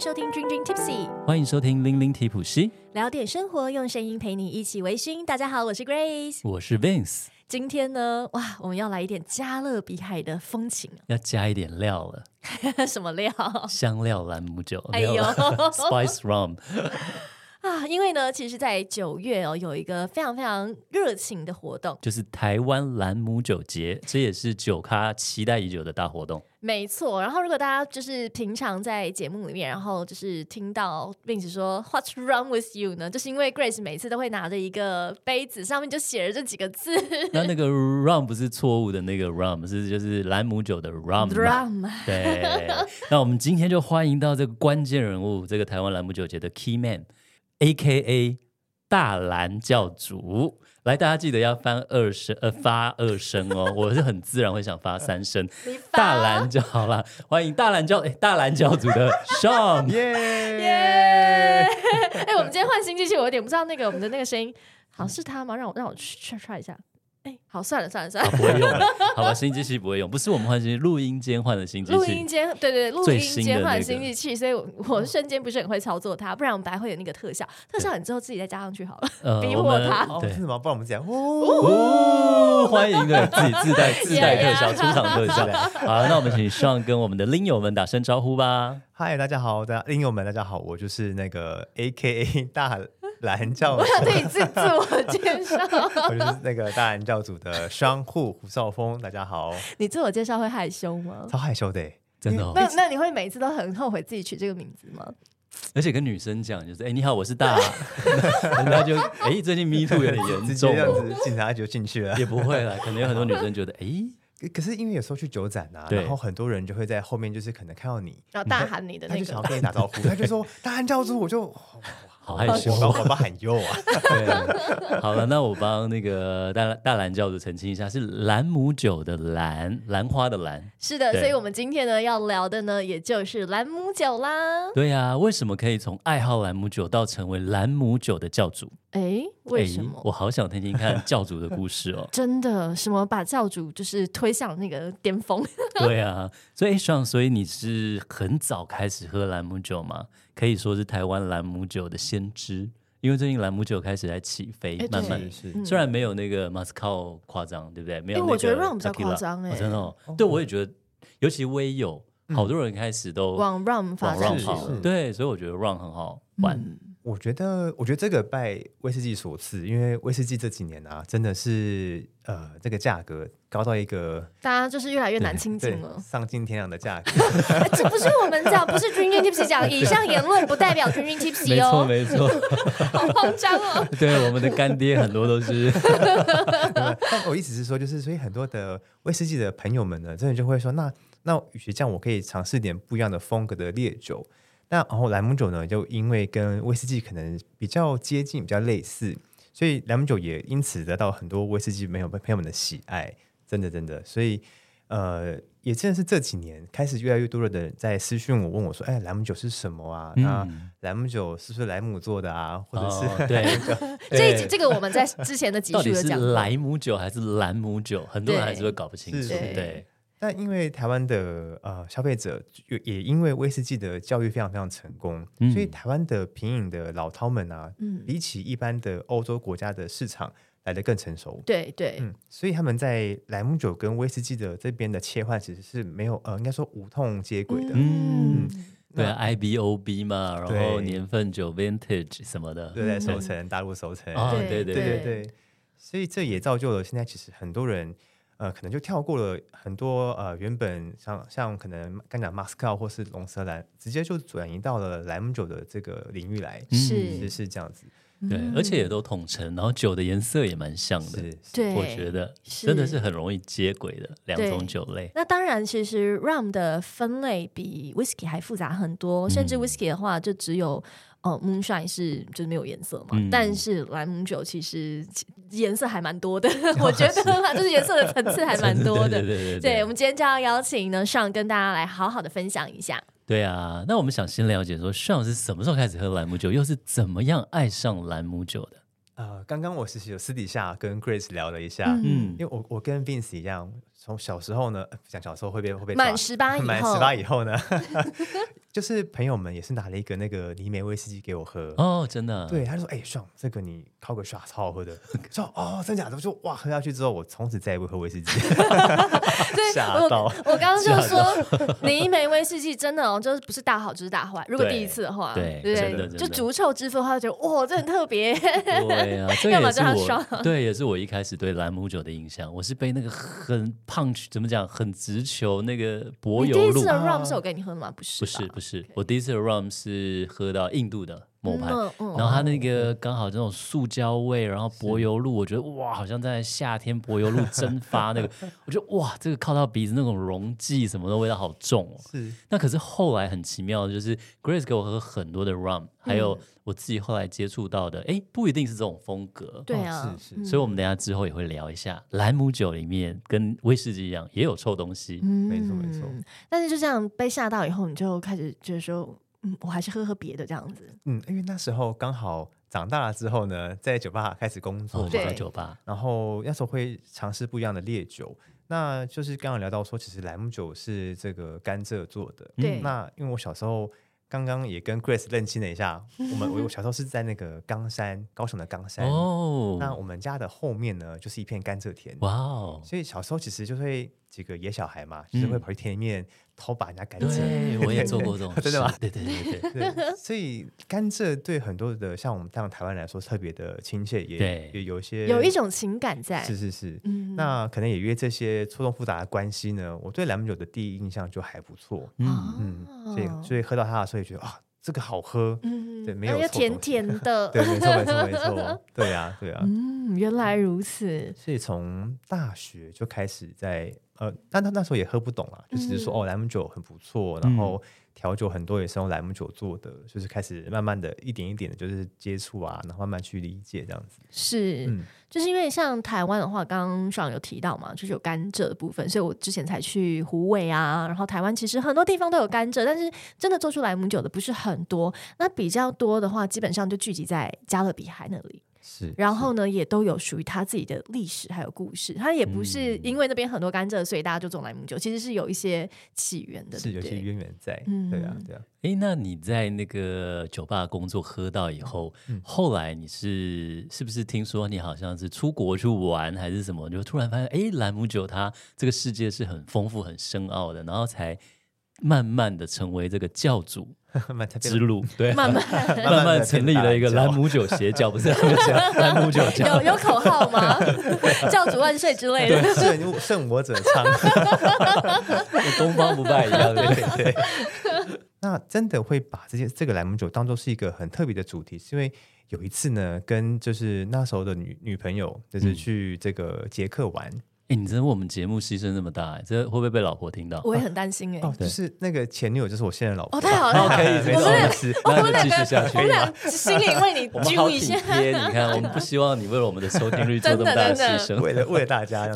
收聽 Tipsy 歡迎收聽玲玲 Tipsy 聊點生活，用聲音陪你一起微醺。大家好，我是 Grace，我是 Vince，今天呢，哇，我們要來一點加勒比海的風情，要加一點料了， 什麼料？香料蘭姆酒，哎呦 ，Spice Rum。 啊，因為呢，其實，在九月哦，有一個非常非常熱情的活動，就是台灣蘭姆酒節，這也是酒咖期待已久的大活動。沒錯，然後如果大家就是平常在節目裡面，然後就是聽到並且說 “What's rum with you” 呢，就是因為 Grace 每次都會拿着一個杯子，上面就寫着這幾個字。那那個 “rum” 不是錯誤的那個 “wrong”，是就是蘭姆酒的 “rum”、Drum。rum 對。 那我們今天就歡迎到這個關鍵人物，這個台灣蘭姆酒節的 key man。A K A 大蘭教主，來，大家記得要翻二聲，呃，發二聲哦。我是很自然會想發三聲， 大蘭就好啦。歡迎大蘭教，誒、欸，大蘭教主的 Sean，耶耶。誒、 yeah Yeah 欸，我們今天換新機器，我有點不知道那個我們的那個聲音，好像是他嗎？讓我讓我去 try try 一下。哎、欸，好，算了，算了，算了，啊、不會用了， 好吧，新機器不會用，不是我們換新錄音間換的新機器，錄音間對對，錄音間換新機器，所以我、那個，我瞬間不是很會操作它，不然我們等下會有那個特效，特效你之後自己再加上去好了，比、呃、我他，為、哦、什麼？不然我們這樣，歡迎的自己自帶自帶特效、yeah、出場特效，yeah、 好，那我們請 Sean 跟我們的拎友們打聲招呼吧，嗨， 大家好，大家拎友們大家好，我就是那個 A K A 大。藍教主，我想自己自自我介紹。 我是那個大蘭教主的 Sean Hu，胡少峰，大家好。你自我介紹會害羞嗎？超害羞的、欸，真的、哦。那那你會每一次都很後悔自己取這個名字嗎？而且跟女生講就是，哎、欸，你好，我是大， 人家就哎、欸，最近 MeToo 有點嚴重，這樣子警察就進去了。 也不會了，可能有很多女生覺得，哎、欸，可是因為有時候去酒展啊，然後很多人就會在後面，就是可能看到你，然後大喊你的、那個，他就想要跟你打招呼， 他就說大蘭教主，我就。哦好害羞、哦，我幫喊悠啊。 對， 好了，那我幫那個大大蘭教主澄清一下，是蘭姆酒的蘭，蘭花的蘭。是的，所以我們今天呢要聊的呢，也就是蘭姆酒啦。對呀、啊，為什麼可以從愛好蘭姆酒到成為蘭姆酒的教主？誒、欸，為什麼、欸？我好想聽聽看教主的故事哦。 真的，什麼把教主就是推向那個巔峰？ 對啊，所以、欸、上，所以你是很早開始喝蘭姆酒嗎？可以說是台灣蘭姆酒的先知，因為最近蘭姆酒開始在起飛，欸、慢慢、嗯、雖然沒有那個馬斯卡誇張，對不對？沒有、欸那個，我覺得 run 比較誇張哎、欸，真、oh, 的，對我也覺得，嗯、尤其威友，好多人開始都往 run 發 run 跑，對，所以我覺得 run 很好玩。嗯嗯我覺得，我覺得這個拜威士忌所賜，因為威士忌這幾年啊，真的是呃，這個價格高到一個，大家就是越來越難親近了，喪盡天良的價格。 這不是我們講， 不是 Drin Drin Tipsy 講，以上言論不代表 Drin Drin Tipsy 哦！沒錯，沒錯 好膨脹哦。 對，我們的乾爹很多都是。 但我意思是說，就是所以很多的威士忌的朋友們呢，真的就會說，那那與其這樣，我可以嘗試點不一樣的風格的烈酒。那然後，蘭姆酒呢，就因為跟威士忌可能比較接近、比較類似，所以蘭姆酒也因此得到很多威士忌朋友朋友們的喜愛。真的，真的。所以，呃，也正是這幾年開始越來越多的人在私訊我問我說：“哎，蘭姆酒是什麼啊、嗯？那蘭姆酒是不是萊姆做的啊？或者是、哦、對，對，這這個我們在之前的集數有講，蘭姆酒還是萊姆酒，很多人還是會搞不清楚，對。對”對但因為台灣的呃消費者，就也因為威士忌的教育非常非常成功，嗯、所以台灣的品飲的老饕們啊、嗯，比起一般的歐洲國家的市場來得更成熟。對對、嗯，所以他們在蘭姆酒跟威士忌的這邊的切換其實是沒有呃，應該說無痛接軌的。嗯，對、啊、，I B O B 嘛，然後年份酒、Vintage 什麼的，都在熟成，大陸熟成啊、哦，對對對,對對對，所以這也造就了現在其實很多人。呃，可能就跳過了很多呃，原本像像可能剛講馬斯卡或是龍舌蘭，直接就轉移到了蘭姆酒的這個領域來，是、就是這樣子、嗯，對，而且也都統稱，然後酒的顏色也蠻像的，是，對，我覺得真的是很容易接軌的兩種酒類。那當然，其實 rum 的分類比 whisky 還複雜很多，甚至 whisky 的話就只有。哦、oh，moonshine 是就是沒有顏色嘛，嗯，但是蘭姆酒其實顏色還蠻多的， 我覺得就是顏色的層次還蠻多的，的對對對對對對。對，我們今天就要邀請呢，Sean 跟大家來好好的分享一下。對啊，那我們想先了解說，Sean 是什麼時候開始喝蘭姆酒，又是怎麼樣愛上蘭姆酒的？啊，呃，剛剛我其實有私底下跟 Grace 聊了一下，嗯，因為我我跟 Vince 一樣。從小時候呢，講小時候會被會被滿十八以, 以後呢， 就是朋友們也是拿了一個那個泥煤威士忌給我喝哦，oh, 真的，對，他就說，哎、欸，爽，這個你靠個爽，超好喝的，說 哦，真假的，我說哇，喝下去之後，我從此再也不喝威士忌，嚇 以我 到我，我剛剛就說泥 煤威士忌真的哦，就是不是大好就是大壞，如果第一次的話，對對，對，對，對就逐臭之夫他就覺得哇，這很特別， 對啊，這也是我 對，也是我一開始對蘭姆酒的印象， 我是被那個很。怎麼講？很直球。那個薄油。你第一次的 rum、啊、是我給你喝的嗎？不是，不是，不是。Okay. 我第一次的 rum 是喝到印度的。磨盤、嗯嗯，然後它那個剛好這種塑膠味，然後柏油路，我覺得哇，好像在夏天柏油路蒸發那個， 我覺得哇，這個靠到鼻子那種溶劑什麼的味道好重哦。是，那可是後來很奇妙的就是 Grace 給我喝很多的 rum，還有我自己後來接觸到的，哎、嗯，不一定是這種風格。對啊，哦、是是、嗯。所以我們等一下之後也會聊一下蘭姆酒裡面跟威士忌一樣也有臭東西。嗯，沒錯沒錯、嗯。但是就這樣被嚇到以後，你就開始覺得說。嗯，我還是喝喝別的這樣子。嗯，因為那時候剛好長大了之後呢，在酒吧開始工作嘛，哦、在酒吧，然後那時候會嘗試不一樣的烈酒。那就是剛剛聊到說，其實蘭姆酒是這個甘蔗做的。對、嗯。那因為我小時候剛剛也跟 Grace 認親了一下，我們我小時候是在那個岡山， 高雄的岡山。哦。那我們家的後面呢，就是一片甘蔗田。哇哦！所以小時候其實就會。幾個野小孩嘛，嗯、就是會跑去田裡面偷把人家甘蔗， 我也做過這種事，事對對對對，對，對，對，對。所以甘蔗對很多的像我們像台灣人來說特別的親切也，也也有些有一種情感在。是是是。嗯、那可能也因為這些錯綜複雜的關係呢，我對蘭姆酒的第一印象就還不錯。嗯嗯，所以所以喝到它的時候也覺得啊，這個好喝。嗯、對，沒有錯。甜甜的， 對沒錯沒錯沒錯， 對啊對啊嗯，原來如此。所以從大學就開始在。呃，但他那時候也喝不懂啊，就只、是、是說、嗯、哦，萊姆酒很不錯，然後調酒很多也是用萊姆酒做的、嗯，就是開始慢慢的一點一點的，就是接觸啊，然後慢慢去理解這樣子。是，嗯、就是因為像台灣的話，剛剛小楊有提到嘛，就是有甘蔗的部分，所以我之前才去虎尾啊，然後台灣其實很多地方都有甘蔗，但是真的做出萊姆酒的不是很多，那比較多的話，基本上就聚集在加勒比海那裡。是是，然後呢，也都有屬於他自己的歷史還有故事。他也不是因為那邊很多甘蔗，嗯、所以大家就種蘭姆酒。其實是有一些起源的，對對，是有些淵源在。嗯，對啊，對啊。誒，那你在那個酒吧工作喝到以後，嗯、後來你是，是不是聽說你好像是出國去玩還是什麼，就突然發現誒，蘭姆酒它這個世界是很豐富很深奧的，然後才慢慢的成為這個教主。慢慢之路，對、啊，慢慢，慢慢慢慢成立了一個蘭姆酒邪教， 教不是、啊？蘭 姆酒有有口號嗎？ 對啊、 教主萬歲之類的對，勝 勝我者昌 東方不敗一樣對，對對？ 那真的會把這些這個蘭姆酒當做是一個很特別的主題，是因為有一次呢，跟就是那時候的女女朋友就是去這個捷克玩。嗯哎，你真的為我們節目犧牲那麼大誒，這會不會被老婆聽到？我也很擔心哎、欸哦。哦，就是那個前女友，就是我現在的老婆。哦，太好了，可 以、okay, 沒事，我們,我們那繼續下去。可以啊，心裡為你揪一下。 我們好體貼，你看，我們不希望你為了我們的收聽率做這麼大的犧牲， 的的 為了為了大家。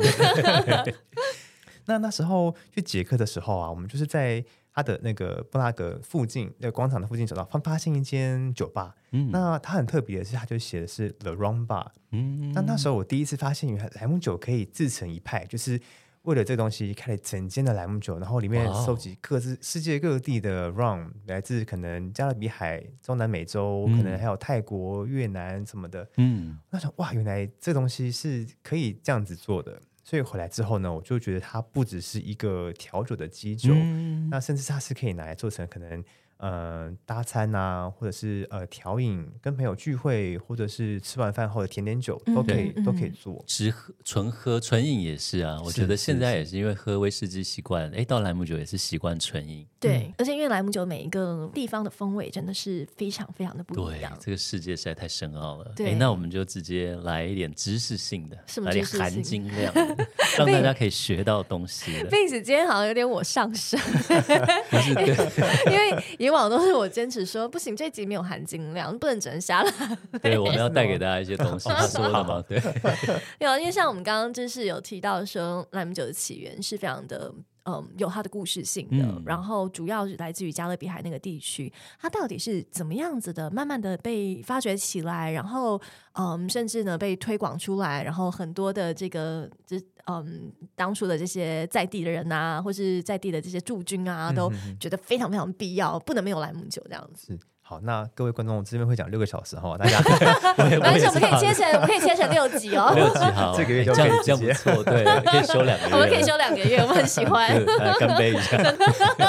那 那,那時候去捷克的時候啊，我們就是在。他的那個布拉格附近，那個廣場的附近找到發發現一間酒吧，嗯，那他很特別的是，他就寫的是 The Rum Bar，嗯，那那時候我第一次發現，原來萊姆酒可以自成一派，就是為了這東西開了整間的萊姆酒，然後裡面收集各自世界各地的 rum，來自可能加勒比海、中南美洲，可能還有泰國、越南什麼的，嗯，那我想哇，原來這東西是可以這樣子做的。所以回來之後呢，我就覺得它不只是一個調酒的基酒，嗯，那甚至它是可以拿來做成可能。呃，搭餐啊，或者是呃調飲，跟朋友聚會，或者是吃完飯後的甜點酒，嗯、都可以，都可以做。吃純喝純喝純飲也是啊是，我覺得現在也是因為喝威士忌習慣，哎，到蘭姆酒也是習慣純飲。對，嗯，而且因為蘭姆酒每一個地方的風味真的是非常非常的不一樣。對這個世界實在太深奧了。對，誒，那我們就直接來一點知識性的，性來一點含金量， 讓大家可以學到東西的。b i n 今天好像有點我上身， 不是，因 為因為。因為都是我堅持說不行，這集沒有含金量，不能只能瞎了。對，我們要帶給大家一些東西，哦、他說了嘛，對。 有因為像我們剛剛就是有提到說，蘭 姆酒的起源是非常的。嗯，有它的故事性的，然後主要是來自於加勒比海那個地區，它到底是怎麼樣子的，慢慢的被發掘起來，然後嗯，甚至呢被推廣出來，然後很多的這個這嗯，當初的這些在地的人啊，或是在地的這些駐軍啊，都覺得非常非常必要，不能沒有蘭姆酒這樣子。好，那各位觀眾，我這邊會講六個小時哈，大家完全 可以切成， 我們可以切成六集哦，六集哈，這個月就可、OK、以這，這樣不錯，對，可以休兩個月，我 們可以休兩個月，我們很喜歡，來乾杯一下，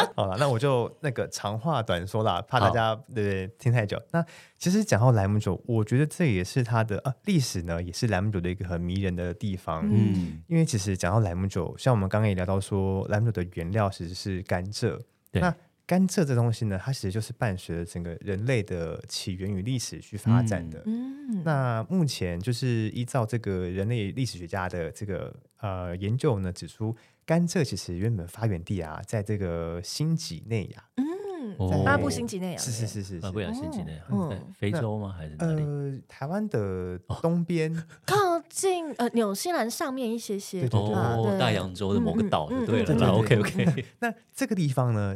好了，那我就那個長話短說啦，怕大家對聽太久。那其實講到蘭姆酒，我覺得這也是它的呃、啊、歷史呢，也是蘭姆酒的一個很迷人的地方，嗯，因為其實講到蘭姆酒，像我們剛剛也聊到說，蘭姆酒的原料其實是甘蔗，對。甘蔗這東西呢，它其實就是伴隨着整個人類的起源與歷史去發展的嗯。嗯，那目前就是依照這個人類歷史學家的這個呃研究呢，指出甘蔗其實原本發源地啊，在這個新幾內亞。嗯，在巴布亞新幾內亞。是是是是巴布亞新幾內亞。嗯，非洲嗎？還是哪呃，台灣的東邊，哦、 靠近呃紐西蘭上面一些些對對對對對對對對。哦，大洋洲的某個島就對了。OK OK 那。那這個地方呢？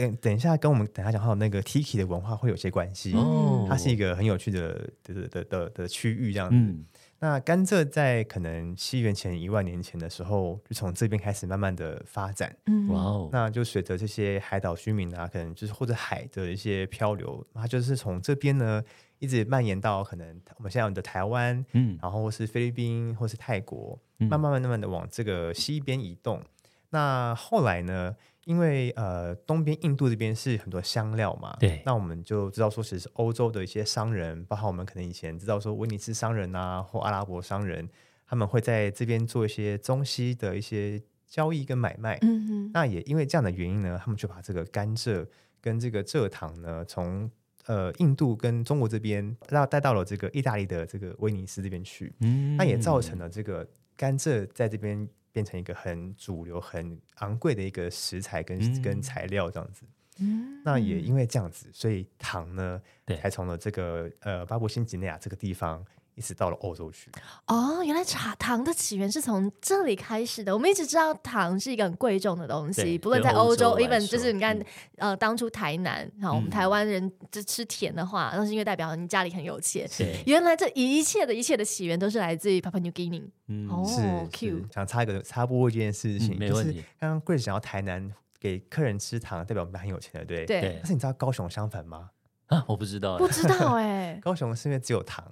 等等一下，跟我們等一下講到那個 Tiki 的文化會有些關係。哦、oh，它是一個很有趣的的的的的區域這樣子，嗯。那甘蔗在可能西元前，一萬年前的時候，就從這邊開始慢慢的發展。嗯，哇哦，那就隨着這些海島居民啊，可能就是或者海的一些漂流，它就是從這邊呢一直蔓延到可能我們現在我們的台灣，嗯，然後是菲律賓或是泰國，慢慢慢慢的往這個西邊移動，嗯。那後來呢？因為呃，東邊印度這邊是很多香料嘛，對，那我們就知道說，其實是歐洲的一些商人，包括我們可能以前知道說威尼斯商人啊，或阿拉伯商人，他們會在這邊做一些中西的一些交易跟買賣。嗯嗯，那也因為這樣的原因呢，他們就把這個甘蔗跟這個蔗糖呢，從呃印度跟中國這邊，那帶到了這個意大利的這個威尼斯這邊去。嗯，那也造成了這個甘蔗在這邊。變成一個很主流、很昂貴的一個食材跟、嗯、跟材料這樣子，嗯，那也因為這樣子，所以糖呢，嗯、才從了這個呃巴布新幾內亞這個地方。一直到了歐洲去哦，原來茶糖的起源是從這裡開始的。我們一直知道糖是一個很貴重的東西，不論在歐洲，even 就是你看、嗯，呃，當初台南啊，然後我們台灣人就吃甜的話，那、嗯、是因為代表你家裡很有錢。原來這一切的一切的起源都是來自於 Papua New Guinea。嗯，oh, 是，是、Q，想插一個插播一件事情，嗯、沒問題，就是剛剛 Grace 想要台南給客人吃糖，代表我們很有錢的，的對，對。對。但是你知道高雄相反嗎？啊，我不知道，不知道哎、欸。 高雄是因為只有糖。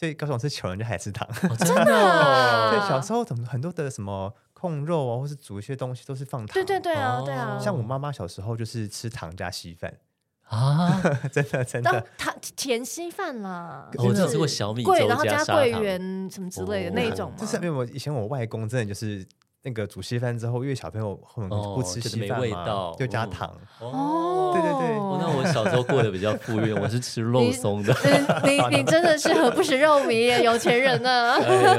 所以告訴我，吃窮人就還吃糖，哦？真的啊！ 對，小時候怎麼很多的什麼控肉啊，或是煮一些東西都是放糖。對對對啊，對、哦、啊。像我媽媽小時候就是吃糖加稀飯啊，哦， 真的真的。糖甜稀飯啦，我只吃過小米粥加砂糖，然後加桂圓加什麼之類的那一種。就，哦哦、是因為我以前我外公真的就是。那個煮稀飯之後，因為小朋友很不吃稀飯、哦就,沒味道哦、就加糖。哦，對對對、哦。那我小時候過得比較富裕， 我是吃肉鬆的。你 你,你真的是很不食肉糜，有錢人呢、啊。哎、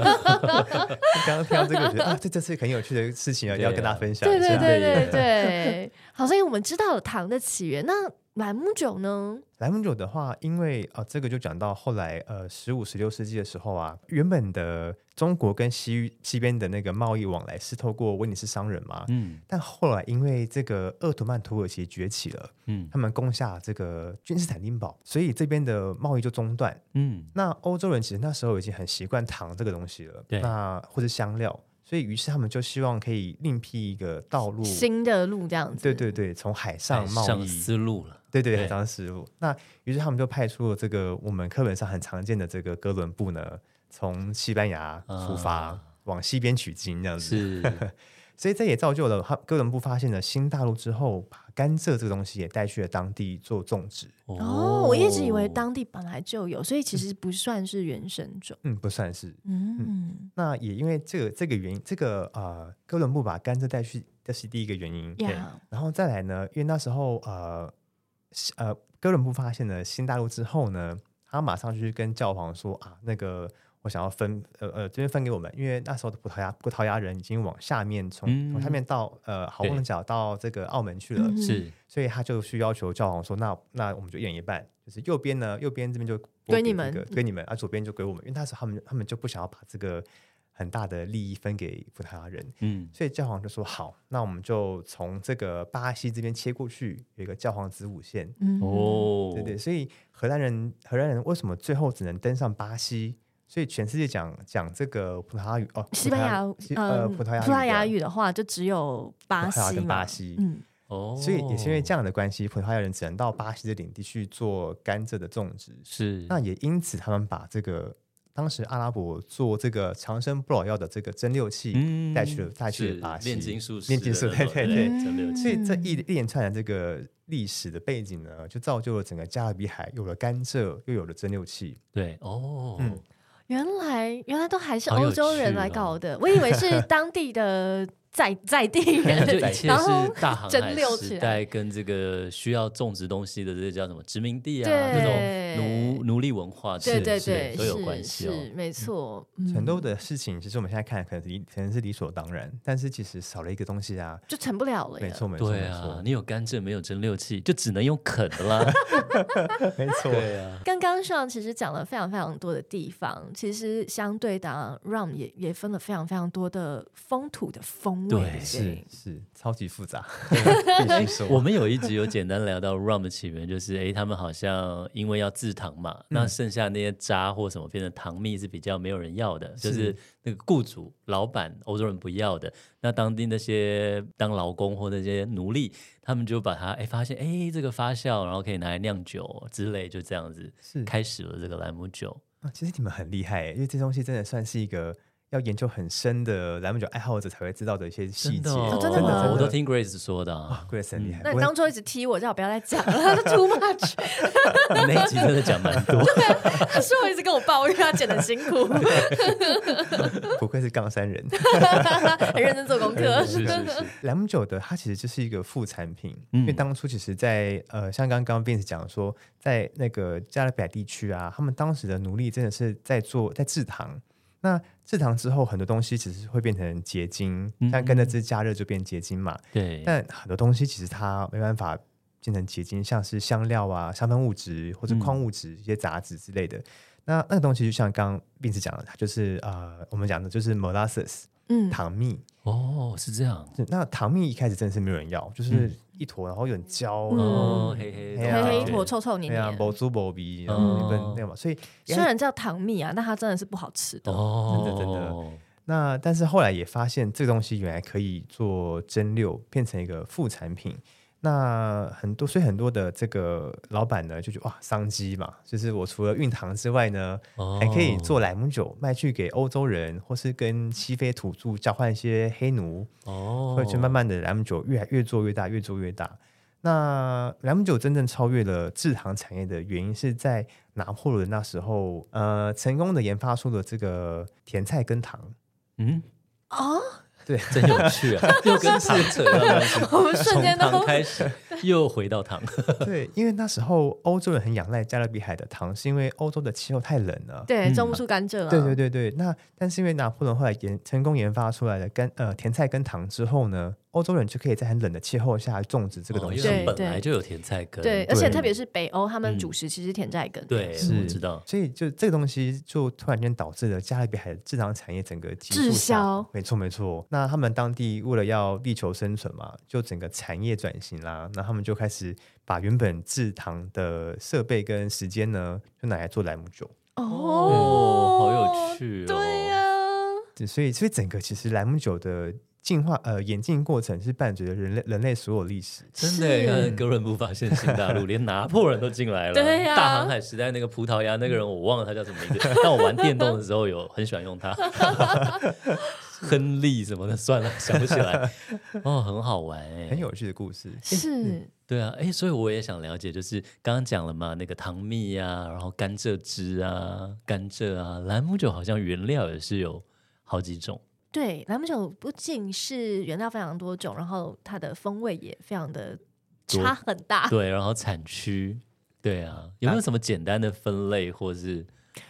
剛剛聽到這個，我覺得啊、這這是很有趣的事情啊，要跟大家分享。對對對對對。 好，所以我們知道糖的起源呢。那蘭姆酒呢？蘭姆酒的話，因為啊、呃，這個就講到後來，呃，十五、十六世紀的時候啊，原本的中國跟西西邊的那個貿易往來是透過威尼斯商人嘛，嗯，但後來因為這個鄂圖曼土耳其崛起了，嗯，他們攻下這個君士坦丁堡，所以這邊的貿易就中斷，嗯，那歐洲人其實那時候已經很習慣糖這個東西了，對，那或者香料，所以於是他們就希望可以另闢一個道路，新的路這樣子，對對對，從海上貿易、哎、絲路了。對對，當、欸、時，那於是他們就派出了這個我們課本上很常見的這個哥倫布呢，從西班牙出發、嗯、往西邊取經，這樣子。是， 所以這也造就了他哥倫布發現了新大陸之後，把甘蔗這個東西也帶去了當地做種植哦。哦，我一直以為當地本來就有，所以其實不算是原生種。嗯，不算是。嗯嗯。那也因為這個這個原因，這個呃，哥倫布把甘蔗帶去，這是第一個原因。對。然後再來呢，因為那時候呃。呃，哥倫布發現了新大陸之後呢，他馬上就去跟教皇說啊，那個我想要分，呃呃，這邊分給我們，因為那時候的葡萄牙葡萄牙人已經往下面從、嗯、從下面到呃好望角到這個澳門去了，是，所以他就去要求教皇說，那那我們就一人一半，就是右邊呢，右邊這邊就給，對，你們、那個，給你們，而、啊、左邊就給我們，因為那時候他們他們就不想要把這個。很大的利益分給葡萄牙人，嗯，所以教皇就說好，那我們就從這個巴西這邊切過去，有一個教皇子午線，嗯哦，對對，所以荷蘭人荷蘭人為什麼最後只能登上巴西？所以全世界講講這個葡萄牙語哦葡萄牙，西班牙西呃葡萄牙、嗯、葡萄牙語的話就只有巴西跟巴西，嗯哦，所以也是因為這樣的關係，葡萄牙人只能到巴西的領地去做甘蔗的種植，是那也因此他們把這個。當時阿拉伯做這個長生不老藥的這個蒸餾器，帶去了帶去把煉金術，煉金術對對對、嗯。所以這一連串的這個歷史的背景呢，就造就了整個加勒比海有了甘蔗，又有了蒸餾器。對哦、嗯，原來原來都還是歐洲人來搞的，哦、我以為是當地的。 在在地，然 後大航海時代跟這個需要種植東西的，這個叫什麼殖民地啊？那種奴奴隸文化，對對對，是是是是都有關係哦。是，是沒錯，很、嗯、多的事情其實我們現在看可能理可能是理所當然，但是其實少了一個東西啊，就成不了了。沒錯沒錯、啊、沒錯，你有甘蔗沒有蒸餾器，就只能用啃的啦。 沒錯，對 剛剛上其實講了非常非常多的地方，其實相對的、啊，Rum 也也分了非常非常多的風土的風。對,對，是對是超級複雜。 我們有一集有簡單聊到 rum 的起源，就是哎，他們好像因為要製糖嘛，嗯、那剩下那些渣或什麼變成糖蜜是比較沒有人要的，就是那個僱主、老闆，歐洲人不要的。那當地那些當勞工或那些奴隸，他們就把它哎發現哎這個發酵，然後可以拿來釀酒之類，就這樣子是開始了這個蘭姆酒啊。其實你們很厲害、欸，因為這東西真的算是一個。要研究很深的蘭姆酒愛好者才會知道的一些細節，真的，哦哦真的，哦真的，我都聽 Grace 說的、啊。Grace 很厲害、嗯。那你當初一直踢我，叫我就不要再講了 他說，too much。 那一集真的講蠻多 對、啊。他 說我一直跟我抱怨 他剪的辛苦。不愧是槓三人， 很認真做功課。是是是。蘭姆 酒的它其實就是一個副產品，嗯、因為當初其實在，在呃，像剛剛 Vince 講說，在那個加勒比地區啊，他們當時的奴隸真的是在做在制糖。那製糖之後，很多東西其實會變成結晶，但、嗯嗯、甘蔗汁加熱就變結晶嘛。對，但很多東西其實它沒辦法變成結晶，像是香料啊、香氛物質或者礦物質、嗯、一些雜質之類的。那那個東西就像剛並且講的，就是呃，我們講的就是 molasses，嗯，糖蜜。哦，是這樣是。那糖蜜一開始真的是沒有人要，就是。嗯一坨，然後有點焦，黑黑黑黑一坨，臭臭黏黏，毛粗毛鼻，然後一、嗯、那個嘛，所以雖然叫糖蜜啊，但它真的是不好吃的，哦、真的真的。那但是後來也發現，這個、東西原來可以做蒸餾，變成一個副產品。那很多，所以很多的這個老闆呢，就覺得哇，商機嘛，就是我除了運糖之外呢，oh. 還可以做蘭姆酒，賣去給歐洲人，或是跟西非土著交換一些黑奴，哦、oh.，所以就慢慢的蘭姆酒越來越做越大，越做越大。那蘭姆酒真正超越了製糖產業的原因，是在拿破崙那時候，呃，成功的研發出了這個甜菜根糖，嗯啊。Oh? 對啊，真有趣啊！ 又跟糖扯 我們瞬間的糖開始。 又回到糖， 對，因為那時候歐洲人很仰賴加勒比海的糖，是因為歐洲的氣候太冷了，對，種不出甘蔗，啊。對、嗯、對對對，那但是因為拿破崙後來研成功研發出來的甘呃甜菜根糖之後呢，歐洲人就可以在很冷的氣候下種植這個東西，哦、因為本來就有甜菜根，對，而且特別是北歐，他們主食其實甜菜根，對，對、嗯對是，我知道，所以就這個東西就突然間導致了加勒比海的製糖產業整個滯銷，沒錯沒錯，那他們當地為了要力求生存嘛，就整個產業轉型啦，然後。他們就開始把原本制糖的設備跟時間呢，就拿來做蘭姆酒。哦，嗯、好有趣、哦！對呀、啊，所以所以整個其實蘭姆酒的進化呃演進過程是伴隨着人類人類所有歷史。真的，剛剛哥倫布發現新大陸， 連拿破崙都進來了。 對呀、啊，大航海時代那個葡萄牙那個人我忘了他叫什麼名字，但 我玩電動的時候有很喜歡用他。 亨利什麼的算了，想不起來。 哦，很好玩，欸，很有趣的故事。是，嗯，對啊，誒，所以我也想了解，就是剛剛講了嘛，那個糖蜜啊，然後甘蔗汁啊，甘蔗啊，蘭姆酒好像原料也是有好幾種。對，蘭姆酒不僅是原料非常多種，然後它的風味也非常的差很大。對，然後產區，對啊，啊，有沒有什麼簡單的分類或是？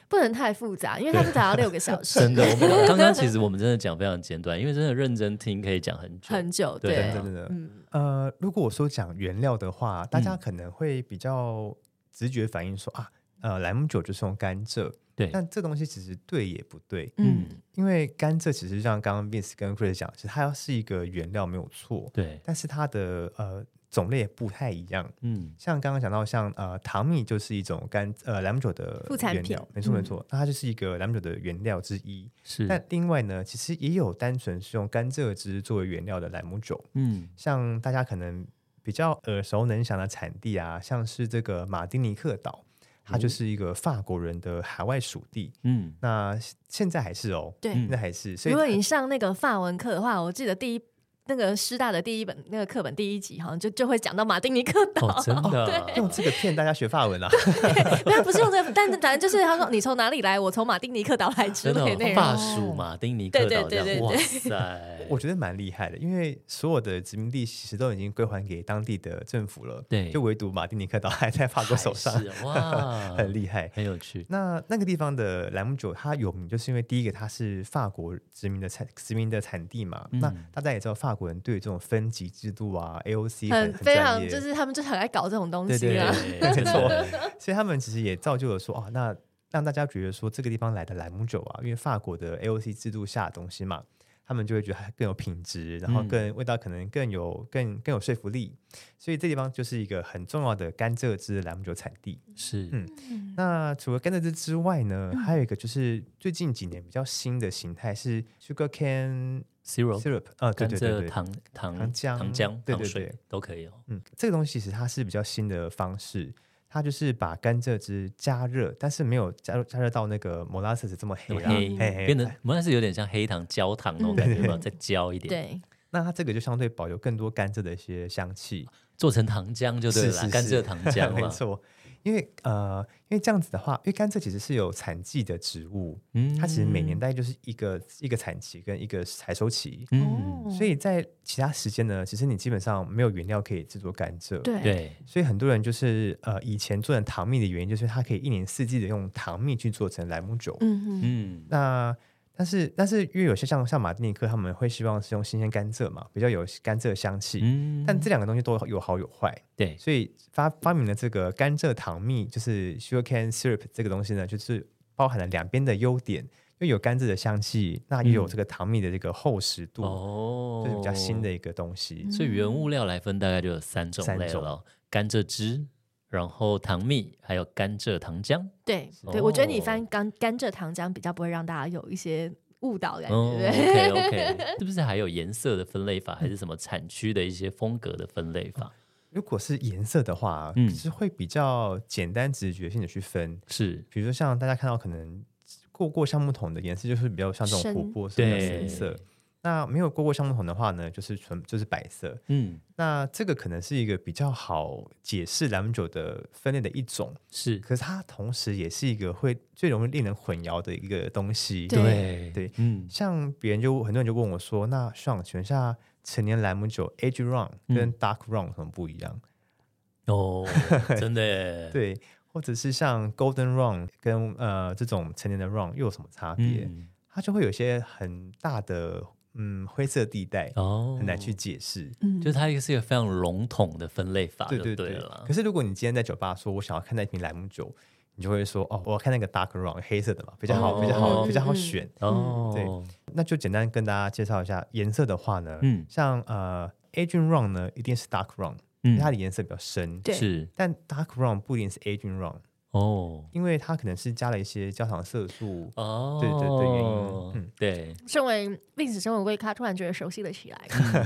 不能太複雜，因為它至少要六個小時。 真的，我們剛剛其實我們真的講非常簡短， 因為真的認真聽可以講很久很久，對對。對，真的真的，嗯。呃，如果我說講原料的話，大家可能會比較直覺反應說，嗯，啊，呃，蘭姆酒就是用甘蔗。對，但這東西其實對也不對。嗯，因為甘蔗其實像剛剛 Miss 跟 Chris 講，其實它要是一個原料沒有錯。對，但是它的呃。種類不太一樣，嗯，像剛剛講到像，像呃，糖蜜就是一種甘呃蘭姆酒的原料，副沒錯、嗯、沒錯，那它就是一個蘭姆酒的原料之一。是，那另外呢，其實也有單純是用甘蔗汁作為原料的蘭姆酒，嗯，像大家可能比較耳熟能詳的產地啊，像是這個馬丁尼克島、嗯，它就是一個法國人的海外屬地，嗯，那現在還是哦，對、嗯，那還是、嗯，所以，如果你上那個法文課的話，我記得第一。那個師大的第一本那個課本第一集好像就就會講到馬丁尼克島，哦、真的、啊、對用這個騙大家學法文啊？對， 不是用這個，但是反正就是他說你從哪裡來，我從馬丁尼克島來之類的內容。法屬馬丁尼克島，對，對對對對。哇塞，我覺得蠻厲害的，因為所有的殖民地其實都已經歸還給當地的政府了，對，就唯獨馬丁尼克島還在法國手上，是。哇， 很厲害，很有趣。那那個地方的蘭姆酒，它有名就是因為第一個它是法國殖民的產殖民的產地嘛、嗯，那大家也知道法。法國人對於這種分級制度啊，AOC 很，很非常很就是他們就很愛搞這種東西啊，沒錯。 所以他們其實也造就了說哦，那讓大家覺得說這個地方來的蘭姆酒啊，因為法國的 AOC 制度下的東西嘛，他們就會覺得它更有品質，然後更、嗯、味道可能更有更更有說服力。所以這地方就是一個很重要的甘蔗汁蘭姆酒產地。是，嗯。那除了甘蔗汁之外呢，嗯、還有一個就是最近幾年比較新的形態是 sugar cane syrup syrup、啊、甘蔗對對對對，糖、糖漿、糖漿、糖水，對對對，都可以哦。嗯，這個東西其實它是比較新的方式，它就是把甘蔗汁加熱，但是沒有加熱，加熱到那個 molasses 這麼黑、啊、黑、黑、黑黑，變得 molasses 有點像黑糖焦糖那種感覺有沒有？嗯，對對對，再焦一點。對，那它這個就相對保留更多甘蔗的一些香氣、啊，做成糖漿就對了，是是是，甘蔗糖漿 沒錯。因為呃，因為這樣子的話，因為甘蔗其實是有產季的植物，嗯，它其實每年大概就是一個一個產期跟一個採收期，哦，所以在其他時間呢，其實你基本上沒有原料可以制作甘蔗，對，所以很多人就是呃，以前做成糖蜜的原因，就是它可以一年四季的用糖蜜去做成蘭姆酒，嗯嗯，那。但是，但是因為有些像像馬丁尼克他們會希望是用新鮮甘蔗嘛，比較有甘蔗的香氣。嗯，但這兩個東西都有好有壞。對，所以發發明了這個甘蔗糖蜜，就是 sugar cane syrup 這個東西呢，就是包含了兩邊的優點，又有甘蔗的香氣，那又有這個糖蜜的這個厚實度，嗯、就是比較新的一個東西。哦、所以原物料來分，大概就有三種類三種了：甘蔗汁。然後糖蜜，還有甘蔗糖漿。對對、哦，我覺得你翻甘甘蔗糖漿比較不會讓大家有一些誤導感覺。哦對對哦、OK OK，是 不是還有顏色的分類法，還是什麼產區的一些風格的分類法？如果是顏色的話，其、嗯、實會比較簡單、直覺性的去分。是，比如說像大家看到可能過過橡木桶的顏色，就是比較像這種琥珀色的深色。深對那沒有過過橡木桶的話呢，就是純就是白色。嗯，那這個可能是一個比較好解釋蘭姆酒的分類的一種是，可是它同時也是一個會最容易令人混淆的一個東西。對對，嗯，像別人就很多人就問我說，那 Sean，請問一下成年蘭姆酒 aged run 跟 dark run 怎麼不一樣、嗯？哦，真的耶 對，或者是像 golden run 跟呃這種成年的 run 又有什麼差別、嗯？它就會有一些很大的。嗯，灰色地帶哦，很難去解釋。嗯、oh,，就是它也是一個非常籠統的分類法，對，對對對，可是如果你今天在酒吧說，我想要看那一瓶蘭姆酒，你就會說，哦，我要看那個 dark run 黑色的嘛，比較好，oh, 比較好，oh, 比較好選。哦、oh,，對，那就簡單跟大家介紹一下顏色的話呢，嗯，像呃，aging run 呢，一定是 dark run，、嗯、因為它的顏色比較深。對，是。但 dark run 不一定是 aging run。哦、oh,，因為它可能是加了一些焦糖色素哦，oh, 對對對原因，嗯，對。身為歷史，身為胃咖，突然覺得熟悉了起來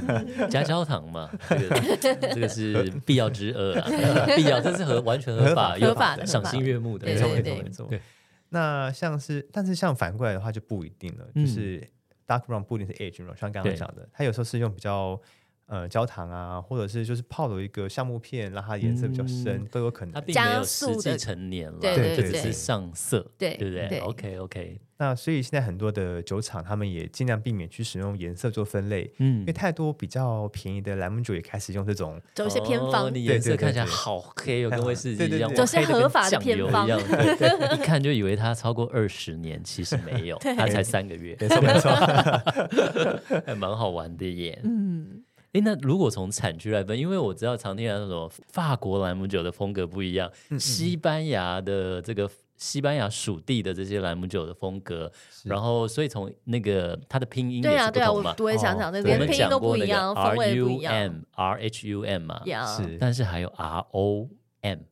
了。加焦糖嘛， 這個 這個是必要之惡啊， 必要，這是合完全合法、合法的、賞心悅目的。的對對對對，對，對。那像是，但是像反過來的話就不一定了，嗯、就是 dark brown 不一定是 edge brown，像剛剛講的，他有時候是用比較。呃，焦糖啊，或者是就是泡了一個橡木片，讓它顏色比較深，嗯，都有可能。它並沒有實際成年了，對對對對，這只是上色，對不對？OK OK。那所以現在很多的酒廠，他們也盡量避免去使用顏色做分類，嗯，因為太多比較便宜的蘭姆酒也開始用這種，有些偏方的，你、哦、顏色對對對對，看起來好黑哦，跟威士忌一樣，有些合法的醬油一樣， 對對對，一看就以為它超過二十年，其實沒有，它才三個月，沒錯沒錯，還蠻好玩的耶，嗯。誒，那如果從產區來分，因為我知道常聽到那種法國蘭姆酒的風格不一樣，西班牙的這個西班牙屬地的這些蘭姆酒的風格，然後所以從那個它的拼音也是不同嘛，對啊對啊，我不會想想這些我們講過的，rum、rhum 嘛，是，但是還有 rom、n、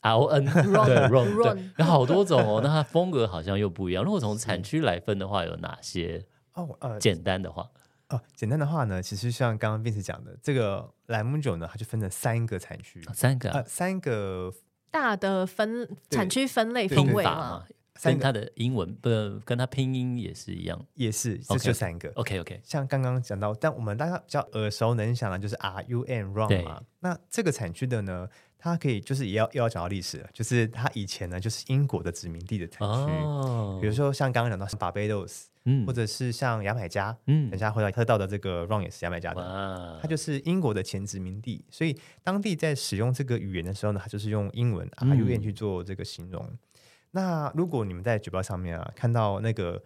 l、n，對 ron，對，有好多種哦，那它風格好像又不一樣。如果從產區來分的話，有哪些？簡單的話。哦，簡單的話呢，其實像剛剛 Vince 講的，這個蘭姆酒呢，它就分成三個產區，哦、三個，呃、三個大的分產區分類風味跟它的英文，他的英文不，跟它拼音也是一樣，也是這就三個。Okay, OK OK，像剛剛講到，但我們大家比較耳熟能詳的就是 R U M Rum 嘛？那這個產區的呢，它可以就是也要又要講到歷史了，就是它以前呢就是英國的殖民地的產區，哦、比如說像剛剛講到是 Barbados，或者是像牙買加，嗯，等下會到它到的這個 Rum 也是牙買加的、嗯，它就是英國的前殖民地，所以當地在使用這個語言的時候呢，它就是用英文 R U M、嗯、去做這個形容。那如果你們在酒包上面啊，看到那個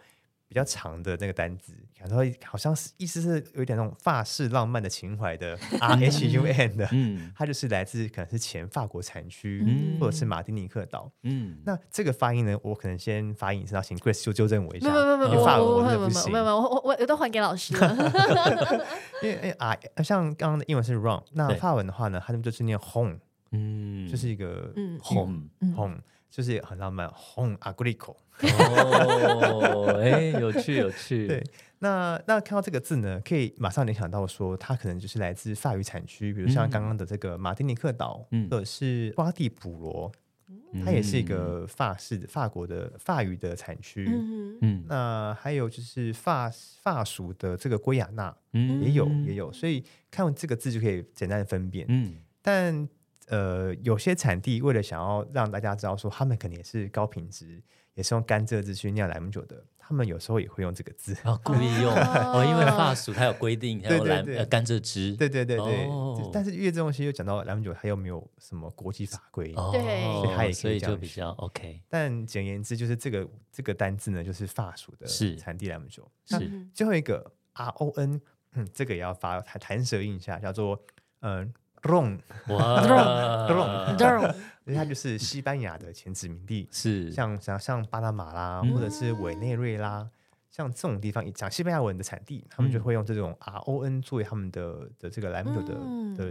比較長的那個單字，然後好像是，好像是意思是有點那種法式浪漫的情懷的 R H U N 的、嗯，它就是來自可能是前法國產區、嗯，或者是馬提尼克島、嗯。那這個發音呢，我可能先發音是要請 Grace 糾糾正我一下。沒有沒有沒有法文的不行，沒有沒有，我我我都還給老師 因為啊，像剛剛的英文是 rum，那法文的話呢，他們就是念 home，嗯，就是一個 h o home、嗯。Home，嗯 home，就是很浪漫 Rhum Agricole 哦，誒、 oh, 欸，有趣有趣。對，那那看到這個字呢，可以馬上聯想到說，它可能就是來自法語產區，比如像剛剛的這個馬丁尼克島，或、嗯、者是瓜地普羅，它也是一個法式的、嗯、法國的法語的產區。嗯，那還有就是法法屬的這個圭亞那，嗯，也有也有，所以看到這個字就可以簡單的分辨。嗯，但。呃，有些產地為了想要讓大家知道說，他們可能也是高品質，也是用甘蔗汁去釀蘭姆酒的。他們有時候也會用這個字，哦、故意用 哦，因為法屬它有規定有藍，對對對、呃，甘蔗汁，對對對對、對、哦。但是越這種東西又講到蘭姆酒，它又沒有什麼國際法規？對、哦，所以它也可以講比較 OK。但簡言之，就是這個這個單字呢，就是法屬的產地蘭姆酒。是，那是最後一個 R O N，、嗯、這個也要發彈舌音一下，叫做嗯。呃 r o m 哇，Ron，Ron，m m o 它就是西班牙的前殖民地，是像像像巴拿馬啦、嗯，或者是委內瑞拉，像這種地方講西班牙文的產地、嗯，他們就會用這種 R O N 作為他們的的這個蘭姆酒的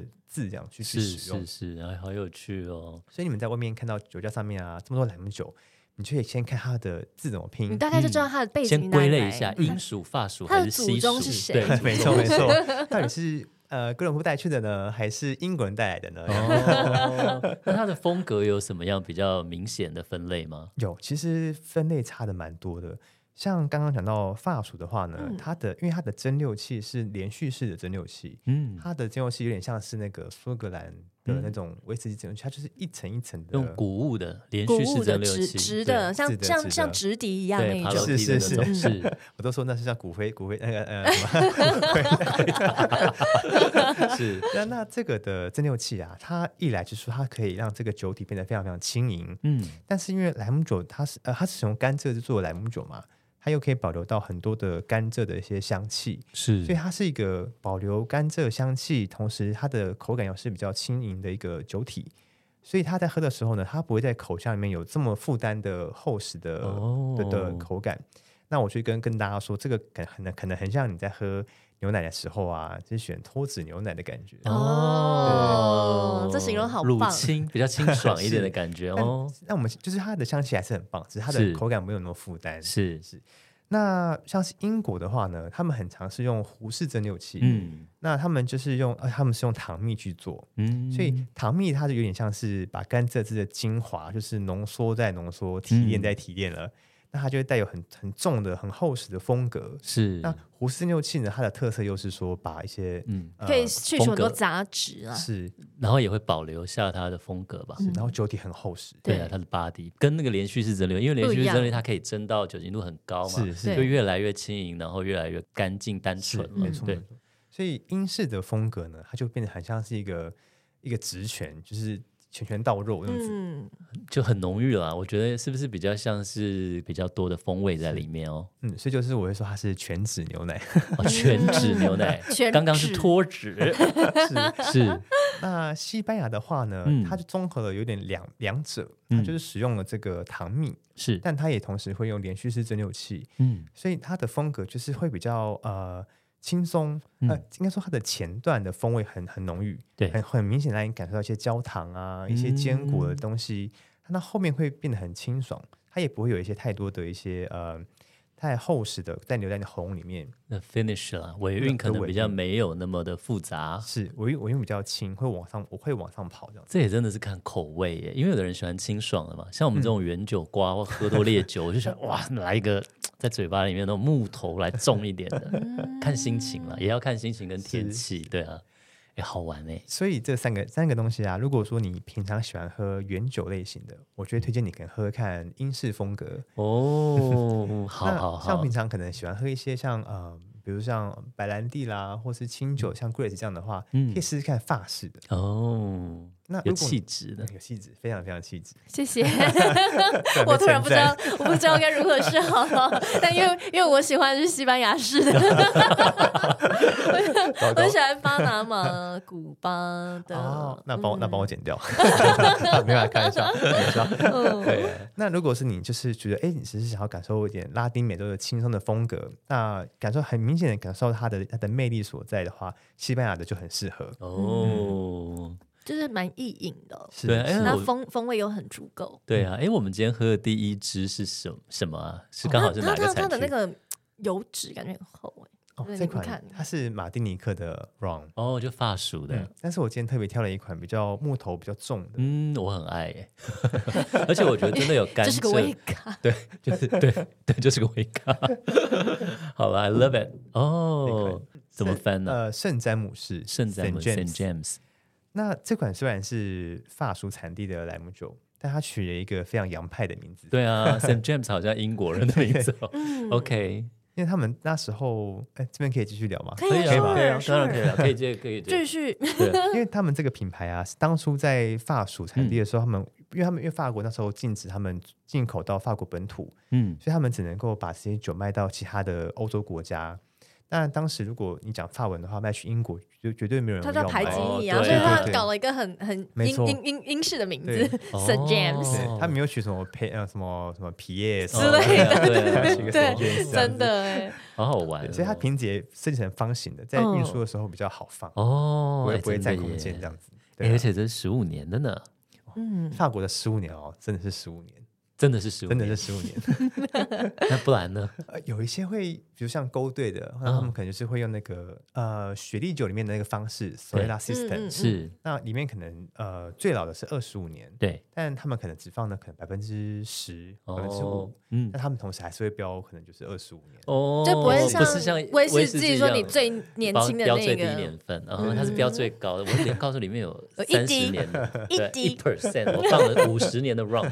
的字這樣去去使用，是是是，哎，還好有趣哦。所以你們在外面看到酒架上面啊這麼多蘭姆酒，你就可以先看它的字怎麼拼，你大概就知道它的背景、嗯，先歸類一下，英屬、法屬還是西屬、嗯？對， 沒錯沒錯，到 底是。呃，哥倫布帶去的呢，還是英國人帶來的呢？哦 哦？那它的風格有什麼樣比較明顯的分類嗎？ 有，其實分類差的蠻多的。像剛剛講到法屬的話呢，嗯，它的因為它的蒸餾器是連續式的蒸餾器，嗯，它的蒸餾器有點像是那個蘇格蘭。有那種威士忌蒸餾器，它就是一層一層的，用穀物的，連續式的直直的，像的像直像直笛一樣那種、個。是是是是，是，是呵呵，我都說那是叫骨灰骨灰那個呃。什、呃、麼，呃、 是， 是。那那這個的蒸餾器啊，它一來就是說它可以讓這個酒體變得非常非常輕盈。嗯。但是因為蘭姆酒它是呃它是使用甘蔗汁做的蘭姆酒嘛。它又可以保留到很多的甘蔗的一些香氣，是，所以它是一個保留甘蔗香氣，同時它的口感又是比較輕盈的一個酒體，所以它在喝的時候呢，它不會在口腔裡面有這麼負擔的厚實的、哦、的口感。那我去跟跟大家說，這個可能可能很像你在喝牛奶的時候啊，就是、選脫脂牛奶的感覺哦，哦。這形容好棒，乳清 比較清爽一點的感覺哦。那我們就是它的香氣還是很棒，只是它的口感沒有那麼負擔。是是，是。那像是英國的話呢，他們很常是用壺式蒸餾器，嗯，那他們就是用他們是用糖蜜去做，嗯，所以糖蜜它就有點像是把甘蔗汁的精華，就是濃縮再濃縮，提煉再提煉了。嗯那它就會帶有很很重的，很厚實的風格。是，那壺式蒸餾呢？它的特色又是說，把一些嗯、呃，可以去除很多雜質啊。是、嗯，然後也會保留下它的風格吧。然後酒體很厚實、嗯。對啊，它的 body 跟那個連續式蒸餾，因為連續式蒸餾它可以蒸到酒精度很高嘛，是是，就越來越輕盈，然後越來越乾淨、單純了沒、嗯對。沒錯。所以英式的風格呢，它就變得很像是一個一個職權，就是。拳拳到肉這樣子、嗯，就很濃鬱了、啊。我覺得是不是比較像是比較多的風味在裡面哦？嗯，所以就是我會說它是全脂牛奶，哦、全脂牛奶 脂，剛剛是脫脂，是, 是,是那西班牙的話呢、嗯，它就綜合了有點兩兩者，它就是使用了這個糖蜜，是、嗯，但它也同時會用連續式蒸餾器，嗯，所以它的風格就是會比較呃。輕鬆，那、嗯呃、應該說它的前段的風味很很濃郁，很很明顯讓你感受到一些焦糖啊，一些堅果的東西。那、嗯、後面會變得很清爽，它也不會有一些太多的一些呃太厚實的但留在你的喉裡面。那 finish 啦，尾韻可能比較沒有那麼的複雜，尾是尾用尾韻比較輕，會往上我會往上跑這這也真的是看口味耶，因為有的人喜歡清爽的嘛，像我們這種圓酒瓜、嗯、或喝多烈酒 我就想哇來一個。在嘴巴裡面那種木頭來重一點的。 看心情了，也要看心情跟天氣，是是，對啊，欸、好玩，哎、欸，所以這三個三個東西啊，如果說你平常喜歡喝原酒類型的，我覺得推薦你可以喝，喝看英式風格哦，oh。 好，好，好，好像平常可能喜歡喝一些像呃，比如像白蘭地啦，或是清酒，像 grace 這樣的話，嗯，可以試試看法式的哦。Oh. 有氣質的，嗯、有氣質，非常非常氣質。謝謝， 我突然不知道， 我不知道該如何是好了。 但因為，因為我喜歡是西班牙式的 我，我喜歡巴拿馬、古巴的。哦、那幫我，嗯、那幫我剪掉、 啊，沒辦法看一下，沒辦法。 對、啊，那如果是你，就是覺得哎，你只是想要感受一點拉丁美洲的輕鬆的風格，那感受很明顯的感受它的，它的魅力所在的話，西班牙的就很適合哦。嗯就是蠻易飲的，是因它風是是它風味又很足夠。對啊，哎、嗯，我們今天喝的第一支是什麼什麼啊？是剛好是哪個產區、哦？它的那個油脂感覺很厚哎、欸。哦，這款它是馬丁尼克的 rum，哦，就發熟的、嗯。但是我今天特別挑了一款比較木頭比較重的。嗯，我很愛哎、欸， 而且我覺得真的有乾，這 是個微咖、 就是，對，就是對對， 就是個微咖。好吧 I love it、oh,。哦、嗯，怎麼翻呢、啊？呃，聖詹姆士，聖詹姆士，Saint James。那這款雖然是法屬產地的蘭姆酒，但它取了一個非常洋派的名字。對啊 Saint James 好像英國人的名字哦。 OK，因為他們那時候，哎、欸，這邊可以繼續聊嗎？可以、啊，可以，當然可以，可以、啊啊啊啊，可以，可以繼續。對 因為他們這個品牌啊，是當初在法屬產地的時候，他們因為他們因為法國那時候禁止他們進口到法國本土，嗯，所以他們只能夠把這些酒賣到其他的歐洲國家。但當時如果你講法文的話，賣去英國就絕對沒有人拍。他在排擠你啊、哦，對對對，所以他搞了一個很很英英英、英式的名字，Saint、oh, James。他沒有取什麼皮呃、啊、什麼什麼皮耶之類的，什麼對對取個完全真的、欸。好好玩、哦，而且他瓶子設計成方形的，在運輸的時候比較好放哦，也、oh, 不會占空間這樣子、啊欸欸。而且這是十五年的呢，嗯，哦、法國的十五年哦，真的是十五年，真的是十五， 真的是十五年。 那不然呢？呃、有一些會。就像勾兌的，那他們可能就是會用那個、哦、呃雪利酒裡面的那個方式 solera system 是。那裡面可能呃最老的是二十五年，對。但他們可能只放了可能百分之十，百分之五。嗯，那他們同時還是會標，可能就是二十五年。哦是。就不會像，是不是像威士忌說你最年輕的那個，標最低年份，然、嗯、後、嗯哦、他是標最高的。我跟告訴裡面有三十年的， 一 percent，我放了五十年的 rum。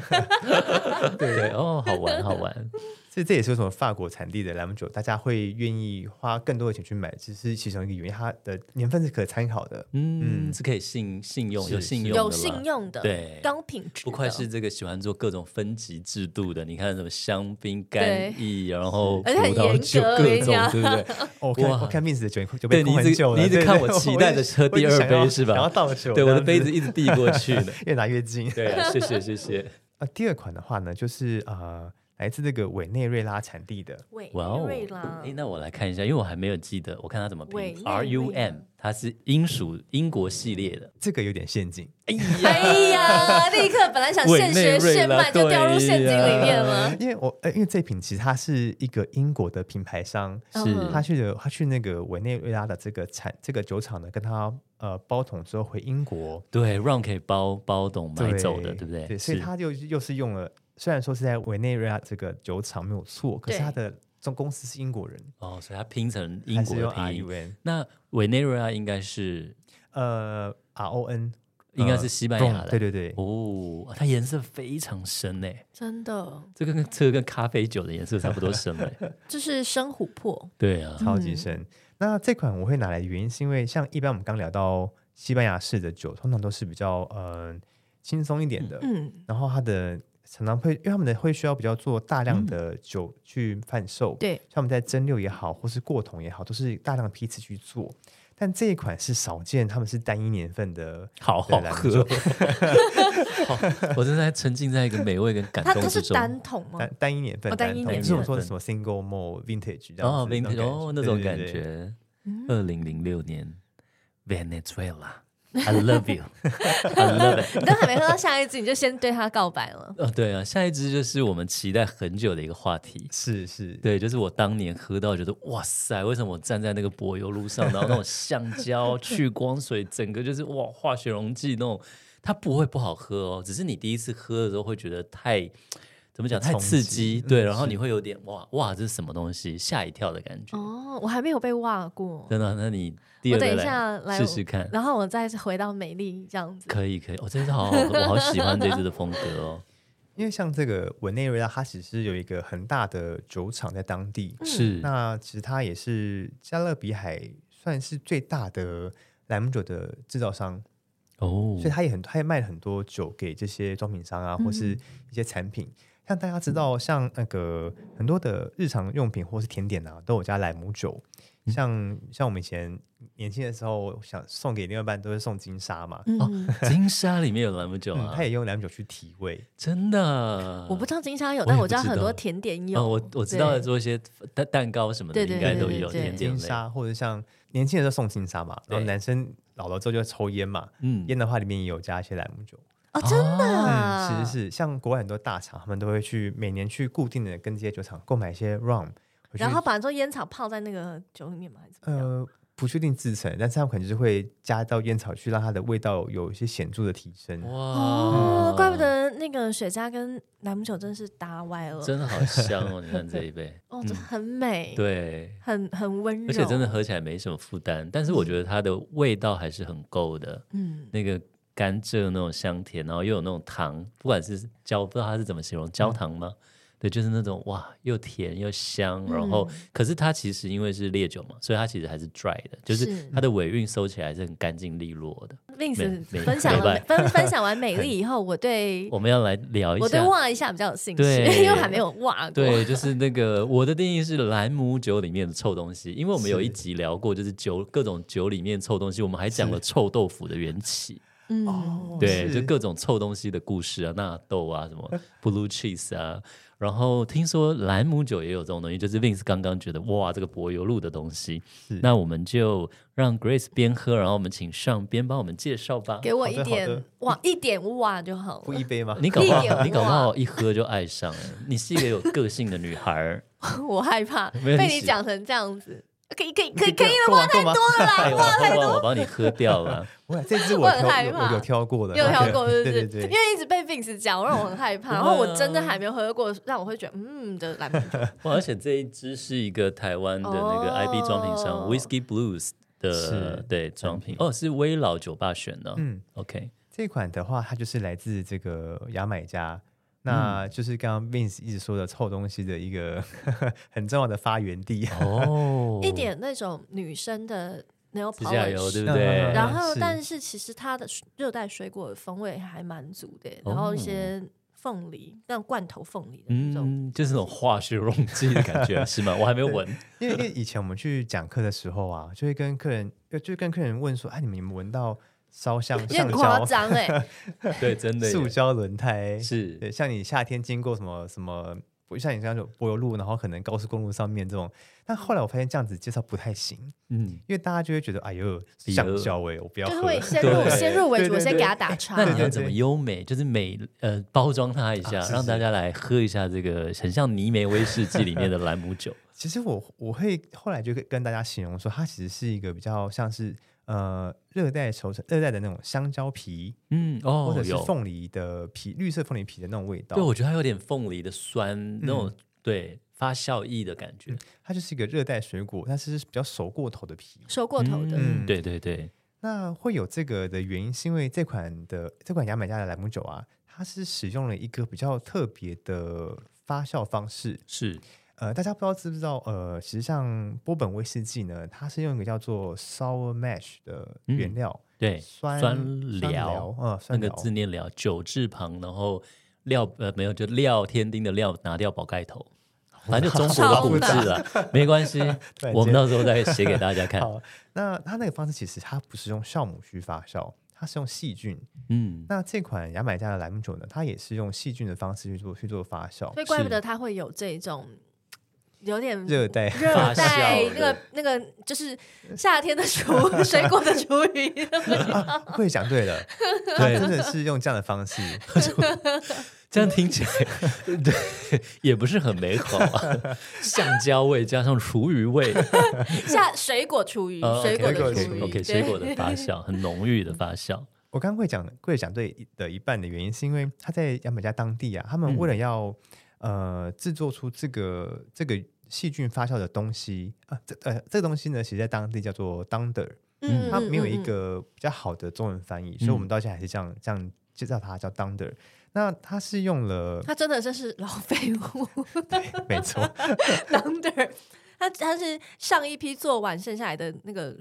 對對哦，好玩好玩。這這也是有什麼法國產地的蘭姆酒，大家會願意花更多的錢去買，其實其中一個原因，它的年份是可參考的，嗯，是可以信信用有信用的有信用的，對，高品質。不愧是這個喜歡做各種分級制度的，你看什麼香檳干邑，然後葡萄酒各種，對不對？我、哦、 看 Miss 的酒酒杯，你一直你一直看我，期待着喝第二杯是吧？然後倒酒， 對我的杯子一直遞過去的， 越拿越近。對、啊 謝謝，謝謝謝謝啊。第二款的話呢，就是啊。呃來自那個委內瑞拉產地的委內瑞拉，那我來看一下，因為我還沒有記得，我看它怎麼拼，R U M，它是英屬英國系列的，這個有點陷阱。哎呀， 立刻本來想現學現賣就掉入陷阱裡面了。嗯、因為我，哎、呃，因為這瓶其實它是一個英國的品牌商，是，他去的，他去那個委內瑞拉的這個產這個酒廠呢，跟他呃包桶之後回英國，對，Rum 可以包包桶買走的，對，對不對？對，所以他就又，又是用了。雖然說是在委內瑞拉這個酒廠沒有錯，可是他的總公司是英國人哦，所以它拼成英國的 i u n。那委內瑞拉應該是呃 r o n，應該是西班牙的，呃，對對對。哦，它顏色非常深誒，真的，這個跟這個跟咖啡酒的顏色差不多深誒， 就是深琥珀。對啊，超級深，嗯。那這款我會拿來的原因是因為，像一般我們剛聊到西班牙式的酒，通常都是比較呃輕鬆一點的，嗯，然後它的。常常會，因為他們的會需要比較做大量的酒去販售，嗯、對，像我們在蒸餾也好，或是過桶也好，都是大量的批次去做。但這一款是少見，他們是單一年份的好好喝。 我正在沉浸在一個美味跟感動之中。它，它是單桶嗎？單，單一年份，哦，單一年份，不是我說的是什麼 single more vintage 哦，vintage。哦，那種感覺。二零零六年，嗯、Venezuela。I love you。 你都還沒喝到下一支，你就先對他告白了。呃、哦，對啊，下一支就是我們期待很久的一個話題，是是，對，就是我當年喝到覺得哇塞，為什麼我站在那個柏油路上，然後那種橡膠去光水， 整個就是哇，化學溶劑那種，它不會不好喝哦，只是你第一次喝的時候會覺得太。怎麼講？太刺激、嗯，對，然後你會有點哇哇，這是什麼東西？嚇一跳的感覺。哦，我還沒有被哇過，真的。那你第二個試試，等一下來試試看，然後我再回到美麗這樣子。可以可以，我真是好， 我好喜歡這支的風格哦。因為像這個委內瑞拉，它其實有一個很大的酒廠在當地，是，那其實它也是加勒比海算是最大的蘭姆酒的制造商哦，所以它也很，它也賣很多酒給這些裝瓶商啊，或是一些產品。嗯但大家知道，像那個很多的日常用品或是甜點啊，都有加蘭姆酒。像、嗯、像我們以前年輕的時候，想送給另外一半，都是送金沙嘛。嗯哦、金沙裡面有蘭姆酒啊，嗯、他也用蘭姆酒去提味。真的？我不，我不知道金沙有，但我家很多甜點有。哦、我我知道做一些蛋蛋糕什麼的，應該都有。對對對對，金沙或者像年輕人都送金沙嘛，然後男生老了之後就抽菸嘛。菸的話裡面也有加一些蘭姆酒。哦、真的啊，是是是，像國外很多大廠，他們都會去每年去固定的跟這些酒廠購買一些 rum，然後把這種煙草泡在那個酒裡面嘛，還是怎麼樣？呃，不確定制成，但是他肯定是會加到煙草去，讓它的味道有一些顯著的提升。哇，哦、怪不得那個雪茄跟蘭姆酒真的是搭歪了，真的好香哦！ 你看這一杯，哦，這很美、嗯，對，很很溫柔，而且真的喝起來沒什麼負擔，但是我覺得它的味道還是很夠的。嗯，那個。甘蔗那種香甜，然後又有那種糖，不管是焦，不知道它是怎麼形容焦糖嗎？嗯？對，就是那種哇，又甜又香。然後、嗯，可是它其實因為是烈酒嘛，所以它其實還是 dry 的，就是它的尾韻收起來是很乾淨利落的。美美分享分分享完美麗以後， 我對我們要來聊一下，我對挖一下比較有興趣，因為 還沒有挖過。對，就是那個我的定義是蘭姆酒裡面的臭東西，因為我們有一集聊過，就是酒是各種酒裡面臭東西，我們還講了臭豆腐的緣起。嗯、哦，對，就各種臭東西的故事啊，納豆啊，什麼 blue cheese 啊， 然後聽說蘭姆酒也有這種東西，就是 Vince 剛剛覺得哇，這個柏油路的東西，是，那我們就讓 Grace 邊喝，然後我們請 Sean 邊幫我們介紹吧，給我一點哇，一點哇就好了，不一杯嗎？你搞不好，你搞不好一喝就愛上了， 你是一個有個性的女孩， 我害怕沒被你講成這樣子。可以可以可可以的話，啊太，啊、太多了，藍花我幫你喝掉了。哇，這支我， 我很害怕有有。有挑過的，okay, 有挑過是是，對對對，因為一直被 Vince 講讓我很害怕，嗯。然後我真的還沒喝過，讓我會覺得嗯，就藍莓酒。 哇，而且這一支是一個台灣的那個 IB 裝瓶、哦、瓶，商 Whiskey Blues 的對裝瓶哦，oh, 是微老酒吧選的。嗯，OK，這款的話，它就是來自這個牙買加。那就是剛剛 Vince 一直說的臭東西的一個呵呵很重要的發源地，哦、 一點那種女生的那種指甲油，對不對？然後，但是其實它的熱帶水果風味還蠻足的、哦，然後一些鳳梨，嗯、像罐頭鳳梨這種，嗯，就是那種化學溶劑的感覺， 是嗎？我還沒有聞， 因為因為以前我們去講課的時候啊，就會跟客人，就會跟客人問說，哎、啊，你們有沒有聞到？燒香，橡膠，誇張、欸、 對，真的，塑膠輪胎是，像你夏天經過什麼什麼，不像你這樣走柏油路，然後可能高速公路上面這種，但後來我發現這樣子介紹不太行，嗯，因為大家就會覺得哎喲橡膠哎，我不要喝，先入對先入為主對對對，我先給它打叉、欸，那你要怎麼優美，就是美呃包裝它一下、啊是是，讓大家來喝一下這個很像泥煤威士忌裡面的蘭姆酒。 其實我我會後來就跟大家形容說，它其實是一個比較像是。呃，熱帶熟成，熱帶的那種香蕉皮，嗯，哦，或者是鳳梨的皮，綠色鳳梨皮的那種味道。對，我覺得它有點鳳梨的酸，嗯、那種對發酵液的感覺、嗯。它就是一個熱帶水果，但是是比較熟過頭的皮，熟過頭的。嗯，對，對對對。那會有這個的原因，是因為這款的這款牙買加的蘭姆酒啊，它是使用了一個比較特別的發酵方式，是。呃，大家不知道知不知道？呃，其實像波本威士忌呢，它是用一個叫做 sour mash 的原料，嗯、對，酸料啊、嗯，那個字念料，酒字旁，然後料呃沒有就料天丁的料，拿掉寶蓋頭，反正就中國的古字啊，沒關係， 我們到時候再寫給大家看 好。那它那個方式其實它不是用酵母去發酵，它是用細菌。嗯，那這款牙買加的蘭姆酒呢，它也是用細菌的方式去做去做發酵，所以怪不得它會有這種。有點熱帶，熱帶那個那個就是夏天的廚 水果的廚餘。會 講、啊、對了，他、 啊、真的是用這樣的方式， 這樣聽起來， 對也不是很美好、啊。橡膠味加上廚餘味，像 水果廚餘， 水果廚餘，OK 水果的發酵，很濃郁的發酵。 我剛剛會講會講對的一半的原因，是因為他在牙買加當地啊，他們為了要、嗯。呃，製作出這個這個細菌發酵的東西啊，這呃這個東西呢，其實在當地叫做 Dunder，嗯，它沒有一個比較好的中文翻譯，嗯、所以我們到現在還是這樣、嗯、這樣介紹它叫 Dunder。那它是用了，它真的真是老廢物， 對沒錯，Dunder， 它它是上一批做完剩下來的那個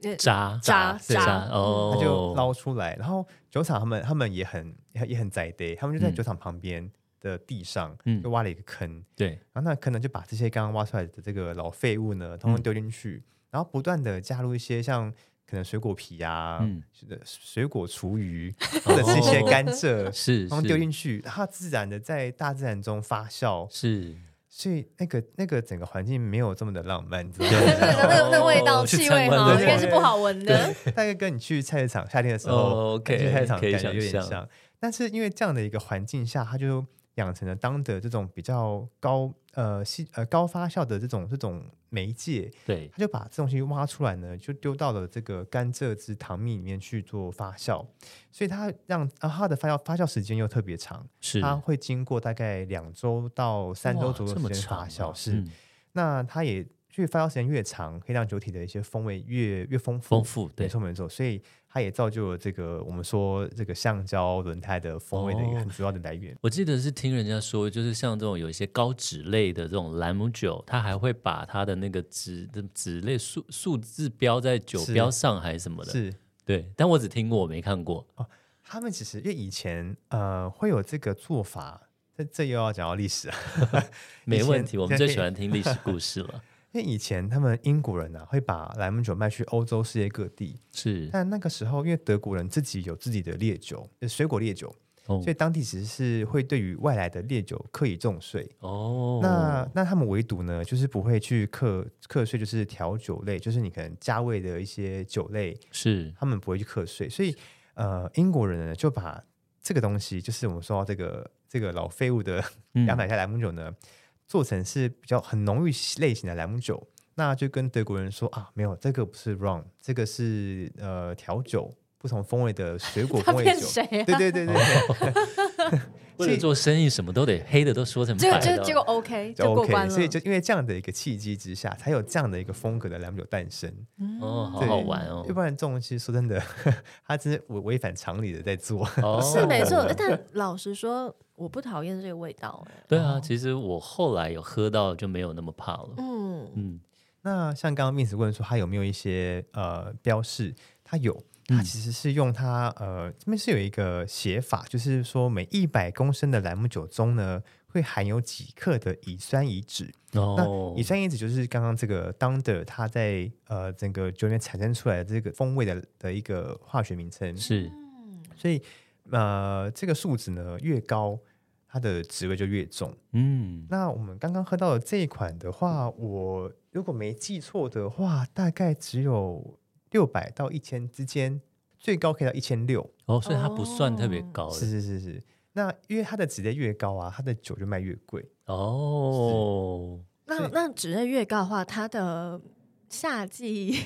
渣渣渣，渣，對渣，哦，它就撈出來，然後酒廠他們他們也很也很宅的，他們就在酒廠旁邊。嗯的地上，嗯，就挖了一個坑，嗯、對，然後那坑呢，就把這些剛剛挖出來的這個老廢物呢，通通丟進去、嗯，然後不斷的加入一些像可能水果皮啊，嗯，水果廚餘、嗯、或者是一些甘蔗，是、哦，通通丟進去，它自然的在大自然中發酵，是，所以那個那個整個環境沒有這麼的浪漫，對，知道嗎對對對哦、那個那個味道氣味好應該是不好聞的，大概跟你去菜市場夏天的時候、哦、okay, 去菜市場感覺有點像,像，但是因為這樣的一個環境下，它就養成了當的這種比較高呃細呃高發酵的這種這種媒介，對，他就把這東西挖出來呢，就丟到了這個甘蔗汁糖蜜裡面去做發酵，所以它讓啊它的發酵發酵時間又特別長，是，它會經過大概兩周到三周左右的時間發酵，啊、是、是、嗯，那它也越發酵時間越長，可以讓酒體的一些風味越越豐富豐富，對，沒錯沒錯。所以。它也造就了這個我們說這個橡膠輪胎的風味的一個很主要的來源。Oh, 我記得是聽人家說，就是像這種有一些高酯類的這種蘭姆酒，它還會把它的那個酯的酯類數數字標在酒標上還是什麼的是。是，對。但我只聽過，我沒看過。哦，oh，他們其實因為以前呃會有這個做法，這這又要講到歷史啊。 沒問題，我們最喜歡聽歷史故事了。 因為以前他們英國人呢、啊，會把蘭姆酒賣去歐洲世界各地。是，但那個時候，因為德國人自己有自己的烈酒，就是、水果烈酒、哦，所以當地其實是會對於外來的烈酒課以重稅。哦，那那他們唯獨呢，就是不會去課課稅，就是調酒類，就是你可能加味的一些酒類，是他們不會去課稅。所以，呃，英國人呢就把這個東西，就是我們說到這個這個老廢物的兩 百加蘭姆酒呢。嗯做成是比較很濃郁類型的蘭姆酒，那就跟德國人說啊，沒有，這個不是 rum，這個是呃調酒，不同風味的水果風味酒。 啊、對對對對，對。 為了做生意，什麼都得黑的都說成白的。這個就，就結果 OK，就過關就 OK，所以就因為這樣的一個契機之下，才有這樣的一個風格的蘭姆酒誕生，嗯。哦，好好玩哦！要不然這種其實說真的，呵他真是違違反常理的在做。哦，呵呵是沒錯，但老實說，我不討厭這個味道，欸。對啊，哦，其實我後來有喝到就沒有那麼怕了。嗯嗯，那像剛剛 Miss 問說他有沒有一些呃標識，他有。它其實是用它，呃，這邊是有一個寫法，就是說每一百公升的蘭姆酒中呢，會含有幾克的乙酸乙酯。哦,那乙酸乙酯就是剛剛這個 Dunder 它在呃整個酒裡面產生出來的這個風味的的一個化學名稱。是，所以呃這個數值呢，越高，它的滋味就越重。嗯，那我們剛剛喝到的這一款的話，我如果沒記錯的話，大概只有。六百到一千之間，最高可以到一千六哦，所以它不算特別高。是是是是，那因為它的酯類越高啊，它的酒就賣越貴哦。那那酯類越高的話，它的.夏季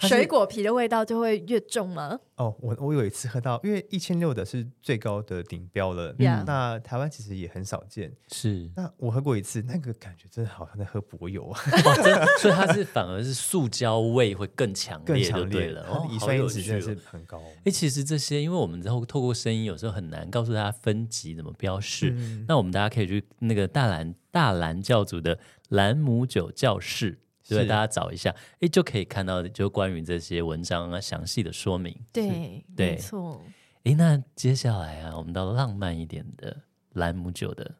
水果皮的味道就會越重嗎？哦，我我有一次喝到，因為一千六的是最高的頂標了，yeah. 嗯、那台灣其實也很少見。是，那我喝過一次，那個感覺真的好像在喝柏油啊、哦！所以它是反而是塑膠味會更強烈，烈、更強烈了。乙酸乙酯、哦，很高。哎，其實這些，因為我們之後透過聲音，有時候很難告訴大家分級怎麼標示、嗯。那我們大家可以去那個大蘭大蘭教主的蘭姆酒教室。所以大家找一下，誒，就可以看到就關於這些文章啊，詳細的說明。對，對，沒錯。誒，那接下來啊，我們到浪漫一點的蘭姆酒的，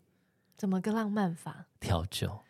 怎麼個浪漫法？調酒。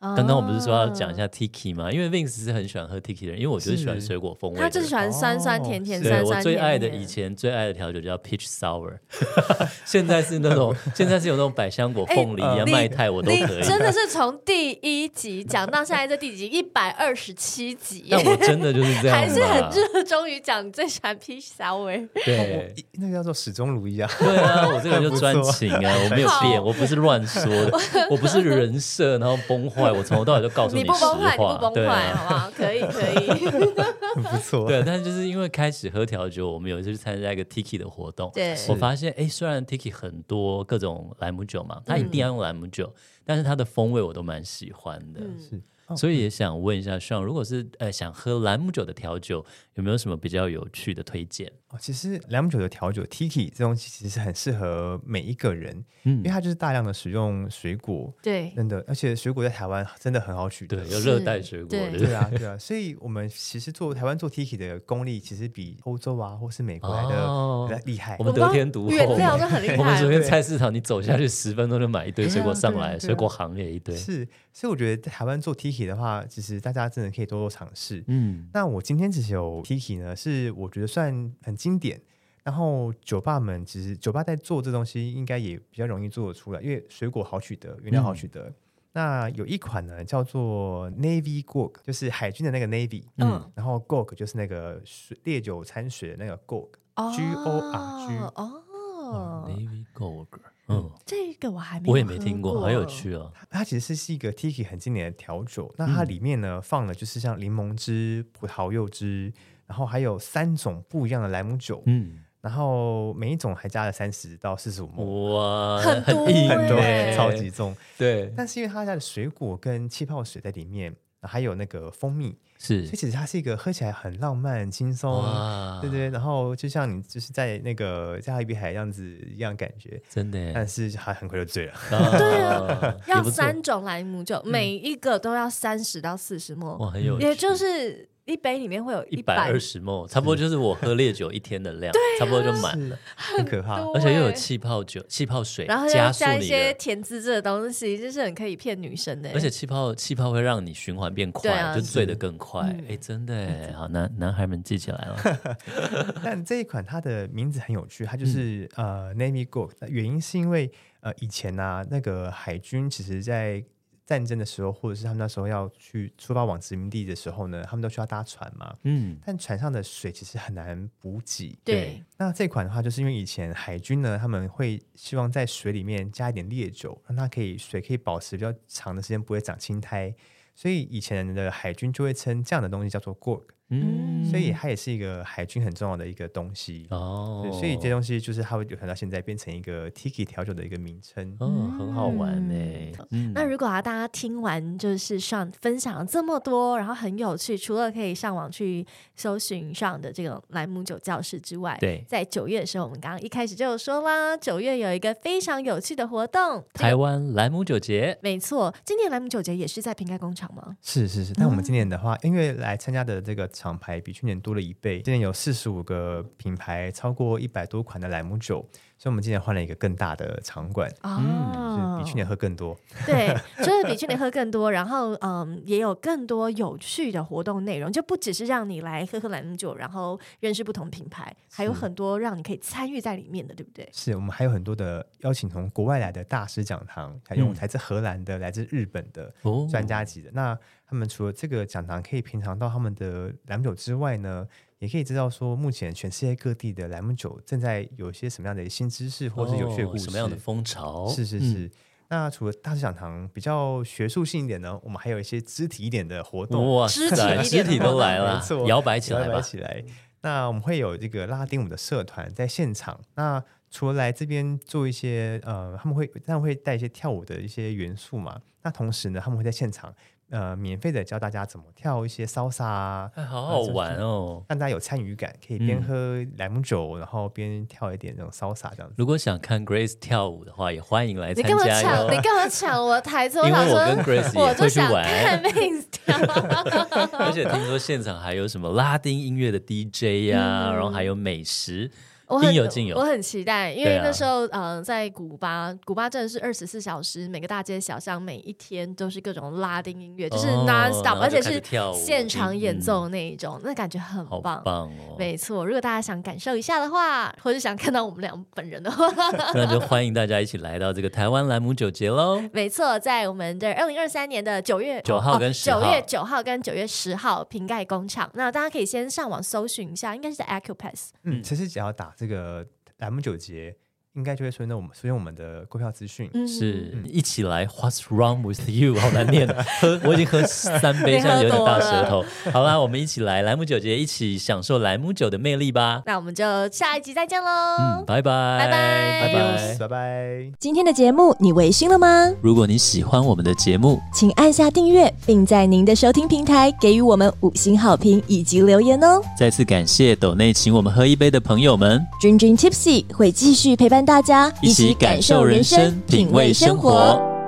剛剛我們不是說要講一下 Tiki 嗎？因為 Vince 是很喜歡喝 Tiki 的人，因為我就是喜歡水果風味。他就是喜歡酸酸甜甜，酸酸甜甜。對，我最愛的甜甜，以前最愛的調酒叫 Peach Sour， 現在是那種 現在是有那種百香果鳳梨、欸、連麥泰我都可以。真的是從第一集講到現在這，第幾集？一百二十七集。但我真的就是這樣子，還是很熱衷於講，你最喜歡 Peach Sour。對，哦、那個叫做始終如一啊。 對啊，我這個就專情啊，我沒有變， 我不是亂說的， 我不是人設，然後崩壞。 我從頭到尾就告訴你實話，對、啊， 好不好？可以，可以， 不錯、啊。對，但是就是因為開始喝調酒，我們有一次去參加一個 Tiki 的活動，對，我發現，哎，雖然 Tiki 很多各種蘭姆酒嘛，他一定要用蘭姆酒，嗯、但是他的風味我都蠻喜歡的。嗯、是。哦、所以也想問一下，像如果是呃想喝蘭姆酒的調酒，有沒有什麼比較有趣的推薦？哦，其實蘭姆酒的調酒 Tiki 這種其實很適合每一個人，嗯，因為它就是大量的使用水果，對，真的，而且水果在台灣真的很好取得，對，有熱帶水果對，對啊，對啊，所以我們其實做台灣做 Tiki 的功力其實比歐洲啊或是美國來的比較厲害、哦，我們得天獨厚，我啊，對我們昨天菜市場你走下去十分鐘就買一堆水果上來、啊啊啊啊，水果行業一堆是。所以我覺得在台灣做 Tiki 的話，其實大家真的可以多多嘗試。嗯，那我今天其實有 Tiki 呢，是我覺得算很經典。然後酒吧們其實酒吧在做這東西，應該也比較容易做得出來，因為水果好取得，原料好取得、嗯。那有一款呢叫做 Navy Gorg 就是海軍的那個 Navy，嗯，然後 Gorg Gorg,、啊、Gorg 就是那個烈酒摻水的那個 Gorg，G O R G 哦，Navy Gorg 嗯，嗯，這個我還沒，我也沒聽過，很有趣啊。它，它其實是是一個 Tiki 很經典的調酒，那、嗯、它裡面呢放了就是像檸檬汁、葡萄柚汁，然後還有三種不一樣的萊姆酒，嗯，然後每一種還加了三十到四十五毫升，哇，很多很多，超級重，對。但是因為它加的水果跟氣泡水在裡面。還有那個蜂蜜，是，所以其實它是一個喝起來很浪漫、輕鬆，對對。然後就像你就是在那個加勒比海樣子一樣感覺，真的。但是它很快就醉了。啊 對啊，要三種蘭姆酒，每一個都要三十到四十末。很有，也就是。一杯裡面會有一百二十 ml，差不多就是我喝烈酒一天的量， 差不多就滿了，很可怕。 而且又有氣泡酒、氣泡水，然後加一些甜滋滋的東西， 就是很可以騙女生的、欸。而且氣泡氣泡會讓你循環變快、啊，就醉得更快。嗯欸、真的、欸，好男男孩們記起來了。 但這一款它的名字很有趣，它就是、嗯、呃 Navy Gold，原因是因為呃以前呢、啊，那個海軍其實，在戰爭的時候，或者是他們那時候要去出發往殖民地的時候呢，他們都需要搭船嘛。嗯，但船上的水其實很難補給對。對，那這款的話，就是因為以前海軍呢，他們會希望在水裡面加一點烈酒，讓它可以水可以保持比較長的時間不會長青苔，所以以前的海軍就會稱這樣的東西叫做 grog 嗯，所以它也是一個海軍很重要的一個東西哦，所以這東西就是它會可能到現在變成一個 Tiki 調酒的一個名稱，嗯、哦，很好玩哎、欸嗯。那如果、啊、大家聽完就是上分享了這麼多，然後很有趣，除了可以上網去搜尋上的這個萊姆酒教室之外，對，在九月的時候，我們剛剛一開始就有說啦，九月有一個非常有趣的活動——台灣蘭姆酒節。沒錯，今年蘭姆酒節也是在瓶蓋工廠嗎？是是是，那我們今年的話，嗯、因為來參加的這個。廠牌比去年多了一倍，今年有四十五個品牌，超過一百多款的蘭姆酒。所以，我們今年換了一個更大的場館啊，哦、比去年喝更多。對，就是比去年喝更多， 然後嗯，也有更多有趣的活動內容，就不只是讓你來喝喝蘭姆酒，然後認識不同品牌，還有很多讓你可以參與在裡面的，對不對？是我們還有很多的邀請從國外來的大師講堂，還有來自荷蘭的、嗯、來自日本的、哦、專家級的。那他們除了這個講堂可以品嚐到他們的蘭姆酒之外呢？也可以知道說，目前全世界各地的蘭姆酒正在有一些什麼樣的新知識，或者是有趣的、哦、什麼樣的風潮？是是是。嗯、那除了大思想堂比較學術性一點呢，我們還有一些肢體一點的活動，哇肢體 肢體都來了，搖 擺起來吧，搖擺起來。那我們會有這個拉丁舞的社團在現場。那除了來這邊做一些呃，他們會他們會帶一些跳舞的一些元素嘛。那同時呢，他們會在現場。呃，免費的教大家怎麼跳一些 salsa，、哎、好好玩哦，啊就是、讓大家有參與感，可以邊喝蘭姆酒、嗯，然後邊跳一點那種 salsa 這樣子。如果想看 Grace 跳舞的話，也歡迎來參加。你幹嘛搶？哦、你幹嘛搶我台詞？ 因為我跟 Grace 也會去玩。而且聽說現場還有什麼拉丁音樂的 DJ 呀、啊嗯，然後還有美食。應有盡有。我很期待，因為那時候，嗯、啊呃、在古巴，古巴真的是二十四小時，每個大街小巷，每一天都是各種拉丁音樂，哦、就是 nonstop，而且是現場演奏的那一種、嗯嗯，那感覺很棒。棒、哦、沒錯，如果大家想感受一下的話，或者想看到我們兩本人的話， 那就歡迎大家一起來到這個台灣蘭姆酒節嘍。沒錯，在我們的二零二三年的九月九號跟十號、哦、九月九號跟九月十號瓶蓋工廠，那大家可以先上網搜尋一下，應該是在 Acupass。嗯，其實只要打。這個 M 九節。應該就會，所以那我們，所以我們的購票資訊、嗯、是、嗯、一起來。What's rum with you？好難念的， 喝我已經喝三杯， 現在有點大舌頭。好啦，我們一起來蘭姆酒節，一起享受蘭姆酒的魅力吧。 那我們就下一集再見嘍。嗯，拜拜，拜拜，拜拜，今天的節目你微醺了嗎？如果你喜歡我們的節目，請按下訂閱，並在您的收聽平台給予我們五星好評以及留言哦。再次感謝斗內請我們喝一杯的朋友們。Drin Drin Tipsy 會繼續陪伴。大家一起感受人生，品味生活。